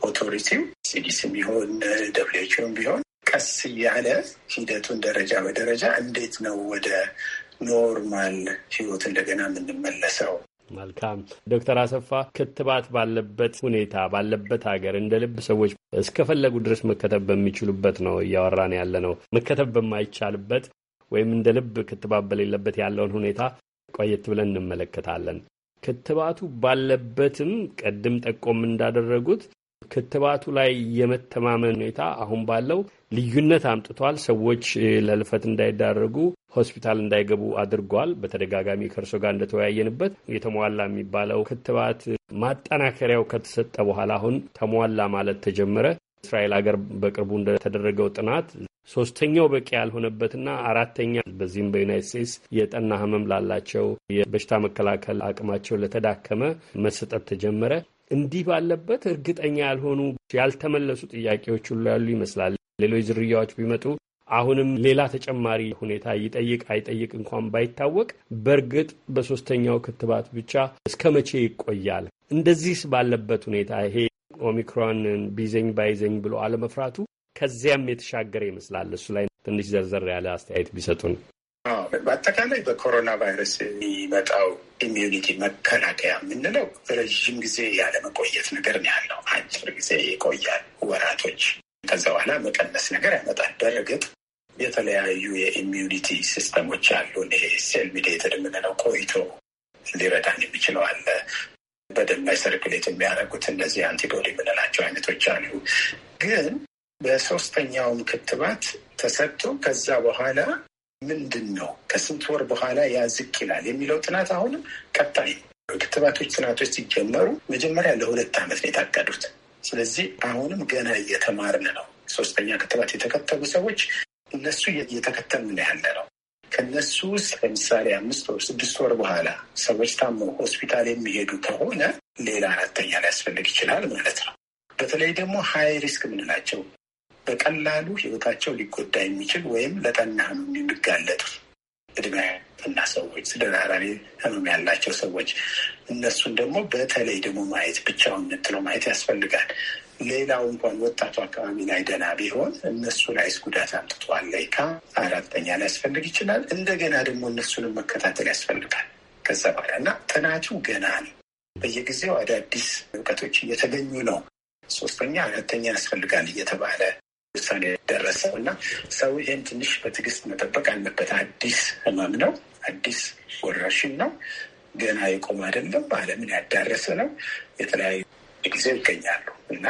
ኦቶሪቲው ሲዲስም ቢሆን ደብሊውኤችኦም ቢሆን ቀስ እያለ ሂደቱን ደረጃ በደረጃ እንዴት ነው ወደ ኖርማል ህይወት እንደገና የምንመለሰው? መልካም ዶክተር አሰፋ ክትባት ባለበት ሁኔታ ባለበት ሀገር እንደ ልብ ሰዎች እስከፈለጉ ድረስ መከተብ በሚችሉበት ነው እያወራን ያለ ነው። መከተብ በማይቻልበት ወይም እንደ ልብ ክትባት በሌለበት ያለውን ሁኔታ ቆየት ብለን እንመለከታለን። ክትባቱ ባለበትም ቀድም ጠቆም እንዳደረጉት ክትባቱ ላይ የመተማመን ሁኔታ አሁን ባለው ልዩነት አምጥቷል። ሰዎች ለልፈት እንዳይዳረጉ ሆስፒታል እንዳይገቡ አድርጓል። በተደጋጋሚ ከእርሶ ጋር እንደተወያየንበት የተሟላ የሚባለው ክትባት ማጠናከሪያው ከተሰጠ በኋላ አሁን ተሟላ ማለት ተጀመረ። እስራኤል ሀገር በቅርቡ እንደተደረገው ጥናት ሶስተኛው በቂ ያልሆነበትና አራተኛ በዚህም በዩናይት ስቴትስ የጠና ህመም ላላቸው የበሽታ መከላከል አቅማቸው ለተዳከመ መሰጠት ተጀመረ። እንዲህ ባለበት እርግጠኛ ያልሆኑ ያልተመለሱ ጥያቄዎች ሁሉ ያሉ ይመስላል። ሌሎች ዝርያዎች ቢመጡ አሁንም ሌላ ተጨማሪ ሁኔታ ይጠይቅ አይጠይቅ እንኳን ባይታወቅ በእርግጥ በሶስተኛው ክትባት ብቻ እስከ መቼ ይቆያል? እንደዚህስ ባለበት ሁኔታ ይሄ ኦሚክሮንን ቢዘኝ ባይዘኝ ብሎ አለመፍራቱ ከዚያም የተሻገረ ይመስላል። እሱ ላይ ትንሽ ዘርዘር ያለ አስተያየት ቢሰጡን። በአጠቃላይ በኮሮና ቫይረስ የሚመጣው ኢሚዩኒቲ መከላከያ የምንለው ረዥም ጊዜ ያለመቆየት ነገር ነው ያለው። አጭር ጊዜ ይቆያል፣ ወራቶች፣ ከዛ በኋላ መቀነስ ነገር ያመጣል። በእርግጥ የተለያዩ የኢሚዩኒቲ ሲስተሞች አሉን። ይሄ ሴል ሚዲየትድ የምንለው ቆይቶ ሊረዳን የሚችለው አለ። በደም ላይ ሰርክሌት የሚያደርጉት እነዚህ አንቲቦዲ የምንላቸው አይነቶች አሉ። ግን በሶስተኛውም ክትባት ተሰጥቶ ከዛ በኋላ ምንድን ነው ከስንት ወር በኋላ ያዝቅ ይላል የሚለው ጥናት አሁንም ቀጣይ ክትባቶች ጥናቶች ሲጀመሩ መጀመሪያ ለሁለት ዓመት ነው የታቀዱት። ስለዚህ አሁንም ገና እየተማርን ነው። ሶስተኛ ክትባት የተከተሉ ሰዎች እነሱ እየተከተልን ያለ ነው። ከነሱ ውስጥ ለምሳሌ አምስት ወር ስድስት ወር በኋላ ሰዎች ታመው ሆስፒታል የሚሄዱ ከሆነ ሌላ አራተኛ ሊያስፈልግ ይችላል ማለት ነው። በተለይ ደግሞ ሀይ ሪስክ የምንላቸው በቀላሉ ህይወታቸው ሊጎዳ የሚችል ወይም ለጠና ህመም የሚጋለጡ እድሜ እና ሰዎች ተደራራቢ ህመም ያላቸው ሰዎች እነሱን ደግሞ በተለይ ደግሞ ማየት ብቻውን የምንጥለው ማየት ያስፈልጋል። ሌላው እንኳን ወጣቱ አካባቢ ላይ ደህና ቢሆን እነሱ ላይ ጉዳት አምጥቷል ለይካ አራተኛ ሊያስፈልግ ይችላል። እንደገና ደግሞ እነሱንም መከታተል ያስፈልጋል ከዛ በኋላ እና ጥናቱ ገና ነው። በየጊዜው አዳዲስ እውቀቶች እየተገኙ ነው። ሶስተኛ አራተኛ ያስፈልጋል እየተባለ ውሳኔ ደረሰው እና ሰው ይህን ትንሽ በትዕግስት መጠበቅ አለበት። አዲስ ህመም ነው። አዲስ ወረርሽኝ ነው። ገና የቆመ አይደለም። ዓለምን ያዳረሰ ነው። የተለያዩ ጊዜው ይገኛሉ እና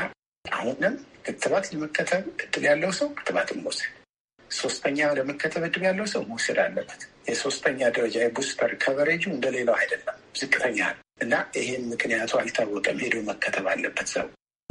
አሁንም ክትባት ለመከተብ እድል ያለው ሰው ክትባትን መውሰድ፣ ሶስተኛ ለመከተብ እድል ያለው ሰው መውሰድ አለበት። የሶስተኛ ደረጃ የቡስተር ከቨሬጁ እንደሌላው አይደለም፣ ዝቅተኛ ነው እና ይሄን ምክንያቱ አልታወቀም። ሄዶ መከተብ አለበት ሰው።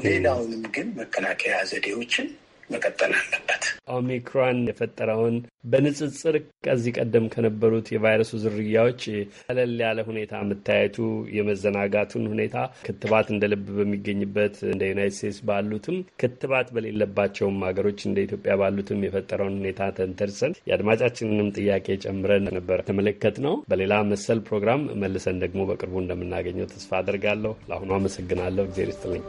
ሌላውንም ግን መከላከያ ዘዴዎችን መቀጠል አለበት። ኦሚክሮን የፈጠረውን በንጽጽር ከዚህ ቀደም ከነበሩት የቫይረሱ ዝርያዎች ቀለል ያለ ሁኔታ መታየቱ የመዘናጋቱን ሁኔታ ክትባት እንደ ልብ በሚገኝበት እንደ ዩናይት ስቴትስ ባሉትም ክትባት በሌለባቸውም ሀገሮች እንደ ኢትዮጵያ ባሉትም የፈጠረውን ሁኔታ ተንተርሰን የአድማጫችንንም ጥያቄ ጨምረን ነበር ተመለከት ነው። በሌላ መሰል ፕሮግራም መልሰን ደግሞ በቅርቡ እንደምናገኘው ተስፋ አድርጋለሁ። ለአሁኑ አመሰግናለሁ። እግዜር ይስጥልኝ።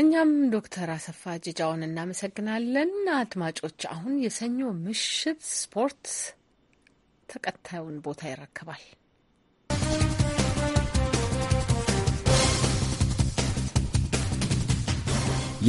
እኛም ዶክተር አሰፋ ጅጃውን እናመሰግናለን። አድማጮች፣ አሁን የሰኞ ምሽት ስፖርት ተከታዩን ቦታ ይረክባል።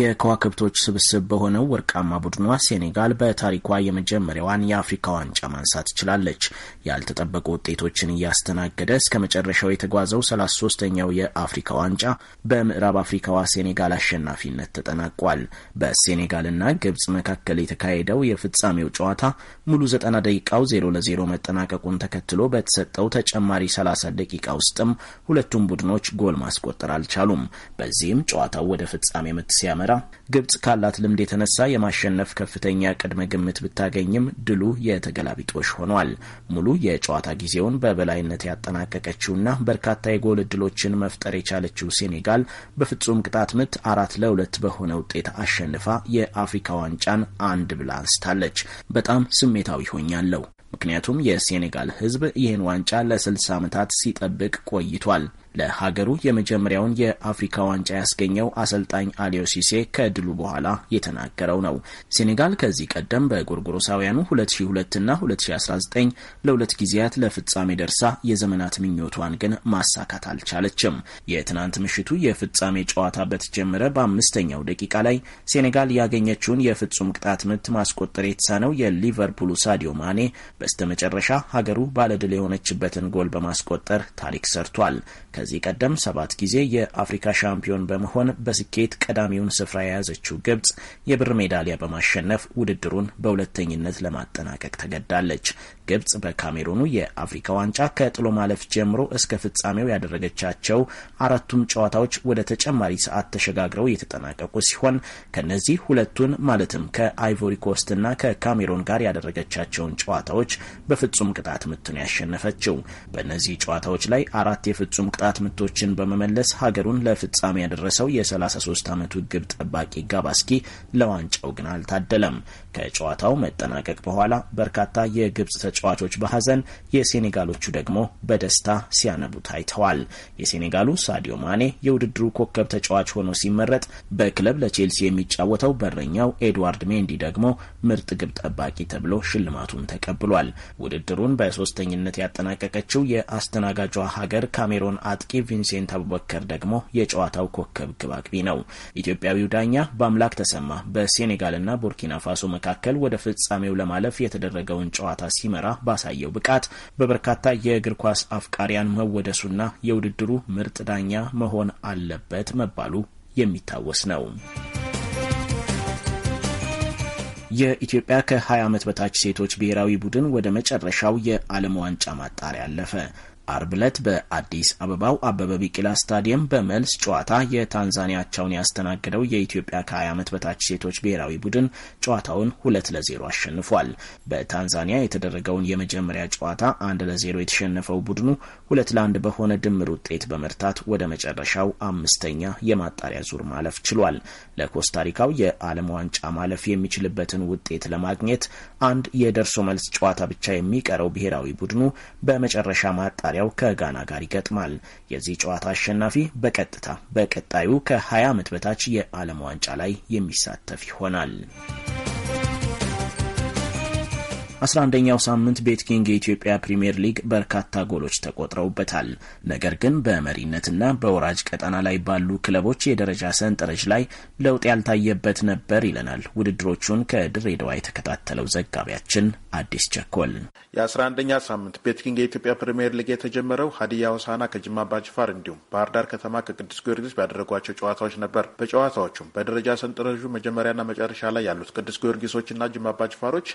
የከዋክብቶች ስብስብ በሆነው ወርቃማ ቡድኗ ሴኔጋል በታሪኳ የመጀመሪያዋን የአፍሪካ ዋንጫ ማንሳት ችላለች። ያልተጠበቁ ውጤቶችን እያስተናገደ እስከ መጨረሻው የተጓዘው 33ኛው የአፍሪካ ዋንጫ በምዕራብ አፍሪካዋ ሴኔጋል አሸናፊነት ተጠናቋል። በሴኔጋልና ግብጽ መካከል የተካሄደው የፍጻሜው ጨዋታ ሙሉ 90 ደቂቃው 0 ለ0 መጠናቀቁን ተከትሎ በተሰጠው ተጨማሪ 30 ደቂቃ ውስጥም ሁለቱም ቡድኖች ጎል ማስቆጠር አልቻሉም። በዚህም ጨዋታው ወደ ፍጻሜ ምት ሲመራ ግብጽ ካላት ልምድ የተነሳ የማሸነፍ ከፍተኛ ቅድመ ግምት ብታገኝም ድሉ የተገላቢጦሽ ሆኗል። ሙሉ የጨዋታ ጊዜውን በበላይነት ያጠናቀቀችውና በርካታ የጎል እድሎችን መፍጠር የቻለችው ሴኔጋል በፍጹም ቅጣት ምት አራት ለሁለት በሆነ ውጤት አሸንፋ የአፍሪካ ዋንጫን አንድ ብላ አንስታለች። በጣም ስሜታዊ ሆኛለሁ። ምክንያቱም የሴኔጋል ሕዝብ ይህን ዋንጫ ለ60 ዓመታት ሲጠብቅ ቆይቷል። ለሀገሩ የመጀመሪያውን የአፍሪካ ዋንጫ ያስገኘው አሰልጣኝ አሊዮ ሲሴ ከድሉ በኋላ የተናገረው ነው። ሴኔጋል ከዚህ ቀደም በጎርጎሮሳውያኑ 2002 እና 2019 ለሁለት ጊዜያት ለፍጻሜ ደርሳ የዘመናት ምኞቷን ግን ማሳካት አልቻለችም። የትናንት ምሽቱ የፍጻሜ ጨዋታ በተጀመረ በአምስተኛው ደቂቃ ላይ ሴኔጋል ያገኘችውን የፍጹም ቅጣት ምት ማስቆጠር የተሳነው የሊቨርፑሉ ሳዲዮ ማኔ በስተመጨረሻ ሀገሩ ባለድል የሆነችበትን ጎል በማስቆጠር ታሪክ ሰርቷል። ከዚህ ቀደም ሰባት ጊዜ የአፍሪካ ሻምፒዮን በመሆን በስኬት ቀዳሚውን ስፍራ የያዘችው ግብጽ የብር ሜዳሊያ በማሸነፍ ውድድሩን በሁለተኝነት ለማጠናቀቅ ተገዳለች። ግብጽ በካሜሩኑ የአፍሪካ ዋንጫ ከጥሎ ማለፍ ጀምሮ እስከ ፍጻሜው ያደረገቻቸው አራቱም ጨዋታዎች ወደ ተጨማሪ ሰዓት ተሸጋግረው የተጠናቀቁ ሲሆን ከነዚህ ሁለቱን ማለትም ከአይቮሪ ኮስትና ከካሜሮን ጋር ያደረገቻቸውን ጨዋታዎች በፍጹም ቅጣት ምት ያሸነፈችው። በእነዚህ ጨዋታዎች ላይ አራት የፍጹም ቅጣት ምቶችን በመመለስ ሀገሩን ለፍጻሜ ያደረሰው የ33 ዓመቱ ግብ ጠባቂ ጋባስኪ ለዋንጫው ግን አልታደለም። ከጨዋታው መጠናቀቅ በኋላ በርካታ የግብጽ ተጫዋቾች በሐዘን የሴኔጋሎቹ ደግሞ በደስታ ሲያነቡ ታይተዋል። የሴኔጋሉ ሳዲዮ ማኔ የውድድሩ ኮከብ ተጫዋች ሆኖ ሲመረጥ፣ በክለብ ለቼልሲ የሚጫወተው በረኛው ኤድዋርድ ሜንዲ ደግሞ ምርጥ ግብ ጠባቂ ተብሎ ሽልማቱን ተቀብሏል። ውድድሩን በሶስተኝነት ያጠናቀቀችው የአስተናጋጇ ሀገር ካሜሮን አጥቂ ቪንሴንት አቡበከር ደግሞ የጨዋታው ኮከብ ግብ አግቢ ነው። ኢትዮጵያዊው ዳኛ በአምላክ ተሰማ በሴኔጋልና ቡርኪና ፋሶ መካከል ወደ ፍጻሜው ለማለፍ የተደረገውን ጨዋታ ሲመራ ባሳየው ብቃት በበርካታ የእግር ኳስ አፍቃሪያን መወደሱና የውድድሩ ምርጥ ዳኛ መሆን አለበት መባሉ የሚታወስ ነው። የኢትዮጵያ ከ20 ዓመት በታች ሴቶች ብሔራዊ ቡድን ወደ መጨረሻው የዓለም ዋንጫ ማጣሪያ አለፈ። አርብ ዕለት በአዲስ አበባው አበበ ቢቂላ ስታዲየም በመልስ ጨዋታ የታንዛኒያቸውን ያስተናገደው የኢትዮጵያ ከ20 ዓመት በታች ሴቶች ብሔራዊ ቡድን ጨዋታውን ሁለት ለዜሮ አሸንፏል። በታንዛኒያ የተደረገውን የመጀመሪያ ጨዋታ አንድ ለዜሮ የተሸነፈው ቡድኑ ሁለት ለአንድ በሆነ ድምር ውጤት በመርታት ወደ መጨረሻው አምስተኛ የማጣሪያ ዙር ማለፍ ችሏል። ለኮስታሪካው የዓለም ዋንጫ ማለፍ የሚችልበትን ውጤት ለማግኘት አንድ የደርሶ መልስ ጨዋታ ብቻ የሚቀረው ብሔራዊ ቡድኑ በመጨረሻ ማጣሪያው ከጋና ጋር ይገጥማል። የዚህ ጨዋታ አሸናፊ በቀጥታ በቀጣዩ ከ20 ዓመት በታች የዓለም ዋንጫ ላይ የሚሳተፍ ይሆናል። 11ኛው ሳምንት ቤትኪንግ የኢትዮጵያ ፕሪምየር ሊግ በርካታ ጎሎች ተቆጥረውበታል። ነገር ግን በመሪነትና በወራጅ ቀጠና ላይ ባሉ ክለቦች የደረጃ ሰንጠረዥ ላይ ለውጥ ያልታየበት ነበር ይለናል ውድድሮቹን ከድሬዳዋ የተከታተለው ዘጋቢያችን አዲስ ቸኮል። የ11ኛ ሳምንት ቤትኪንግ የኢትዮጵያ ፕሪምየር ሊግ የተጀመረው ሀዲያ ሆሳና ከጅማ አባጅፋር እንዲሁም ባህር ዳር ከተማ ከቅዱስ ጊዮርጊስ ባደረጓቸው ጨዋታዎች ነበር። በጨዋታዎቹም በደረጃ ሰንጠረዡ መጀመሪያና መጨረሻ ላይ ያሉት ቅዱስ ጊዮርጊሶችና ጅማ አባጅፋሮች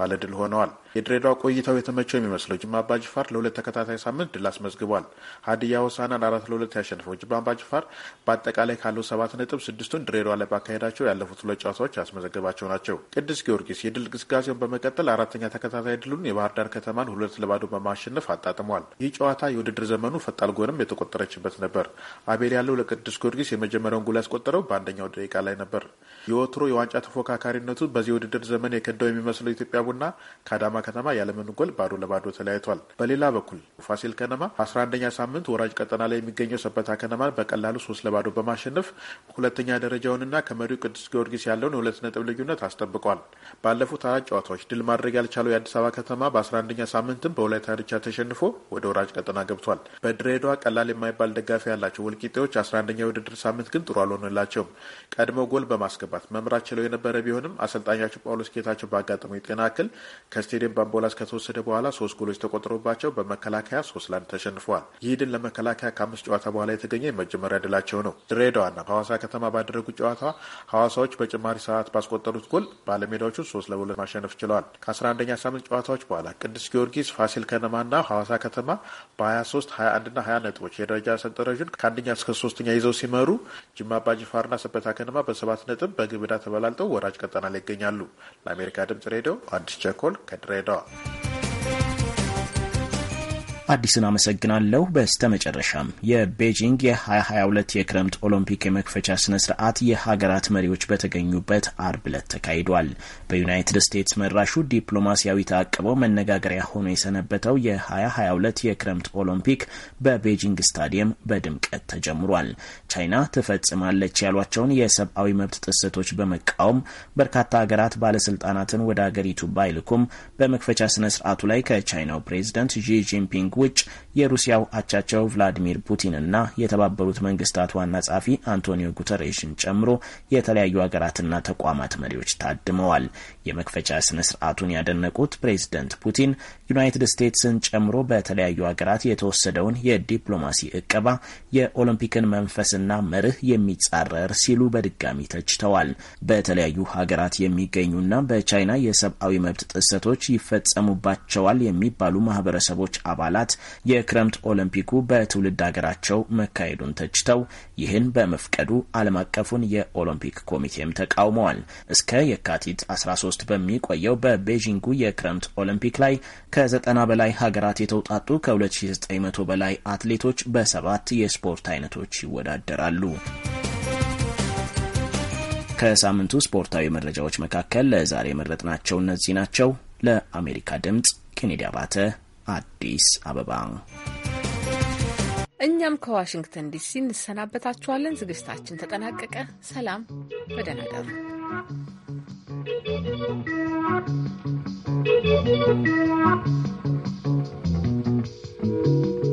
ባለድል ሆነ ሆነዋል። የድሬዳዋ ቆይታው የተመቸው የሚመስለው ጅማ አባጅፋር ለሁለት ተከታታይ ሳምንት ድል አስመዝግቧል። ሀዲያ ሆሳዕናን አራት ለሁለት ያሸንፈው ጅማ አባጅፋር በአጠቃላይ ካለው ሰባት ነጥብ ስድስቱን ድሬዳዋ ላይ ባካሄዳቸው ያለፉት ሁለት ጨዋታዎች ያስመዘገባቸው ናቸው። ቅዱስ ጊዮርጊስ የድል ግስጋሴውን በመቀጠል አራተኛ ተከታታይ ድሉን የባህር ዳር ከተማን ሁለት ለባዶ በማሸነፍ አጣጥሟል። ይህ ጨዋታ የውድድር ዘመኑ ፈጣን ጎንም የተቆጠረችበት ነበር። አቤል ያለው ለቅዱስ ጊዮርጊስ የመጀመሪያውን ጎል ያስቆጠረው በአንደኛው ደቂቃ ላይ ነበር። የወትሮ የዋንጫ ተፎካካሪነቱ በዚህ ውድድር ዘመን የከዳው የሚመስለው ኢትዮጵያ ቡና ከአዳማ ከተማ ያለምንም ጎል ባዶ ለባዶ ተለያይቷል። በሌላ በኩል ፋሲል ከነማ አስራ አንደኛ ሳምንት ወራጅ ቀጠና ላይ የሚገኘው ሰበታ ከነማን በቀላሉ ሶስት ለባዶ በማሸነፍ ሁለተኛ ደረጃውንና ከመሪው ቅዱስ ጊዮርጊስ ያለውን የሁለት ነጥብ ልዩነት አስጠብቋል። ባለፉት አራት ጨዋታዎች ድል ማድረግ ያልቻለው የአዲስ አበባ ከተማ በ 11 ሳምንትም በወላይታ ድቻ ተሸንፎ ወደ ወራጅ ቀጠና ገብቷል። በድሬዳዋ ቀላል የማይባል ደጋፊ ያላቸው ወልቂጤዎች 11ኛ የውድድር ሳምንት ግን ጥሩ አልሆነላቸውም። ቀድሞ ጎል በማስገባት በማስገባት መምራት ችለው የነበረ ቢሆንም አሰልጣኛቸው ጳውሎስ ጌታቸው ባጋጠመው የጤና እክል ከስቴዲየም በአምቡላንስ ከተወሰደ በኋላ ሶስት ጎሎች ተቆጥሮባቸው በመከላከያ ሶስት ለአንድ ተሸንፈዋል። ይህ ድል ለመከላከያ ከአምስት ጨዋታ በኋላ የተገኘ የመጀመሪያ ድላቸው ነው። ድሬዳዋና ሐዋሳ ከተማ ባደረጉት ጨዋታ ሐዋሳዎች በጭማሪ ሰዓት ባስቆጠሩት ጎል ባለሜዳዎቹ ሶስት ለሁለት ማሸነፍ ችለዋል። ኛ ሳምንት ጨዋታዎች በኋላ ቅዱስ ጊዮርጊስ፣ ፋሲል ከነማና ሐዋሳ ከተማ በ23 21ና 20 ነጥቦች የደረጃ ሰንጠረዥን ከአንደኛ እስከ ሶስተኛ ይዘው ሲመሩ ጅማ አባጅፋርና ሰበታ ከነማ በሰባት ነጥብ በአስፈላጊ ግብዳ ተበላልጠው ወራጅ ቀጠና ላይ ይገኛሉ። ለአሜሪካ ድምጽ ሬዲዮ አዲስ ቸኮል ከድሬዳዋ አዲስን አመሰግናለሁ። በስተመጨረሻም የቤጂንግ የ2022 የክረምት ኦሎምፒክ የመክፈቻ ስነ ስርዓት የሀገራት መሪዎች በተገኙበት አርብ ዕለት ተካሂዷል። በዩናይትድ ስቴትስ መራሹ ዲፕሎማሲያዊ ተአቅበው መነጋገሪያ ሆኖ የሰነበተው የ2022 የክረምት ኦሎምፒክ በቤጂንግ ስታዲየም በድምቀት ተጀምሯል። ቻይና ትፈጽማለች ያሏቸውን የሰብአዊ መብት ጥሰቶች በመቃወም በርካታ ሀገራት ባለስልጣናትን ወደ አገሪቱ ባይልኩም በመክፈቻ ስነ ስርዓቱ ላይ ከቻይናው ፕሬዚደንት ዢ ጂንፒንግ ውጭ የሩሲያው አቻቸው ቭላዲሚር ፑቲንና የተባበሩት መንግስታት ዋና ጸሐፊ አንቶኒዮ ጉተሬሽን ጨምሮ የተለያዩ ሀገራትና ተቋማት መሪዎች ታድመዋል። የመክፈቻ ስነ ስርዓቱን ያደነቁት ፕሬዚደንት ፑቲን ዩናይትድ ስቴትስን ጨምሮ በተለያዩ ሀገራት የተወሰደውን የዲፕሎማሲ እቀባ የኦሎምፒክን መንፈስና መርህ የሚጻረር ሲሉ በድጋሚ ተችተዋል። በተለያዩ ሀገራት የሚገኙና በቻይና የሰብአዊ መብት ጥሰቶች ይፈጸሙባቸዋል የሚባሉ ማህበረሰቦች አባላት የክረምት ኦሎምፒኩ በትውልድ ሀገራቸው መካሄዱን ተችተው ይህን በመፍቀዱ ዓለም አቀፉን የኦሎምፒክ ኮሚቴም ተቃውመዋል። እስከ የካቲት 13 በሚቆየው በቤዢንጉ የክረምት ኦሎምፒክ ላይ ከ90 በላይ ሀገራት የተውጣጡ ከ2900 በላይ አትሌቶች በሰባት የስፖርት አይነቶች ይወዳደራሉ። ከሳምንቱ ስፖርታዊ መረጃዎች መካከል ለዛሬ መረጥናቸው እነዚህ ናቸው። ለአሜሪካ ድምፅ ኬኔዲ አባተ አዲስ አበባ እኛም ከዋሽንግተን ዲሲ እንሰናበታችኋለን። ዝግጅታችን ተጠናቀቀ። ሰላም፣ በደህና you.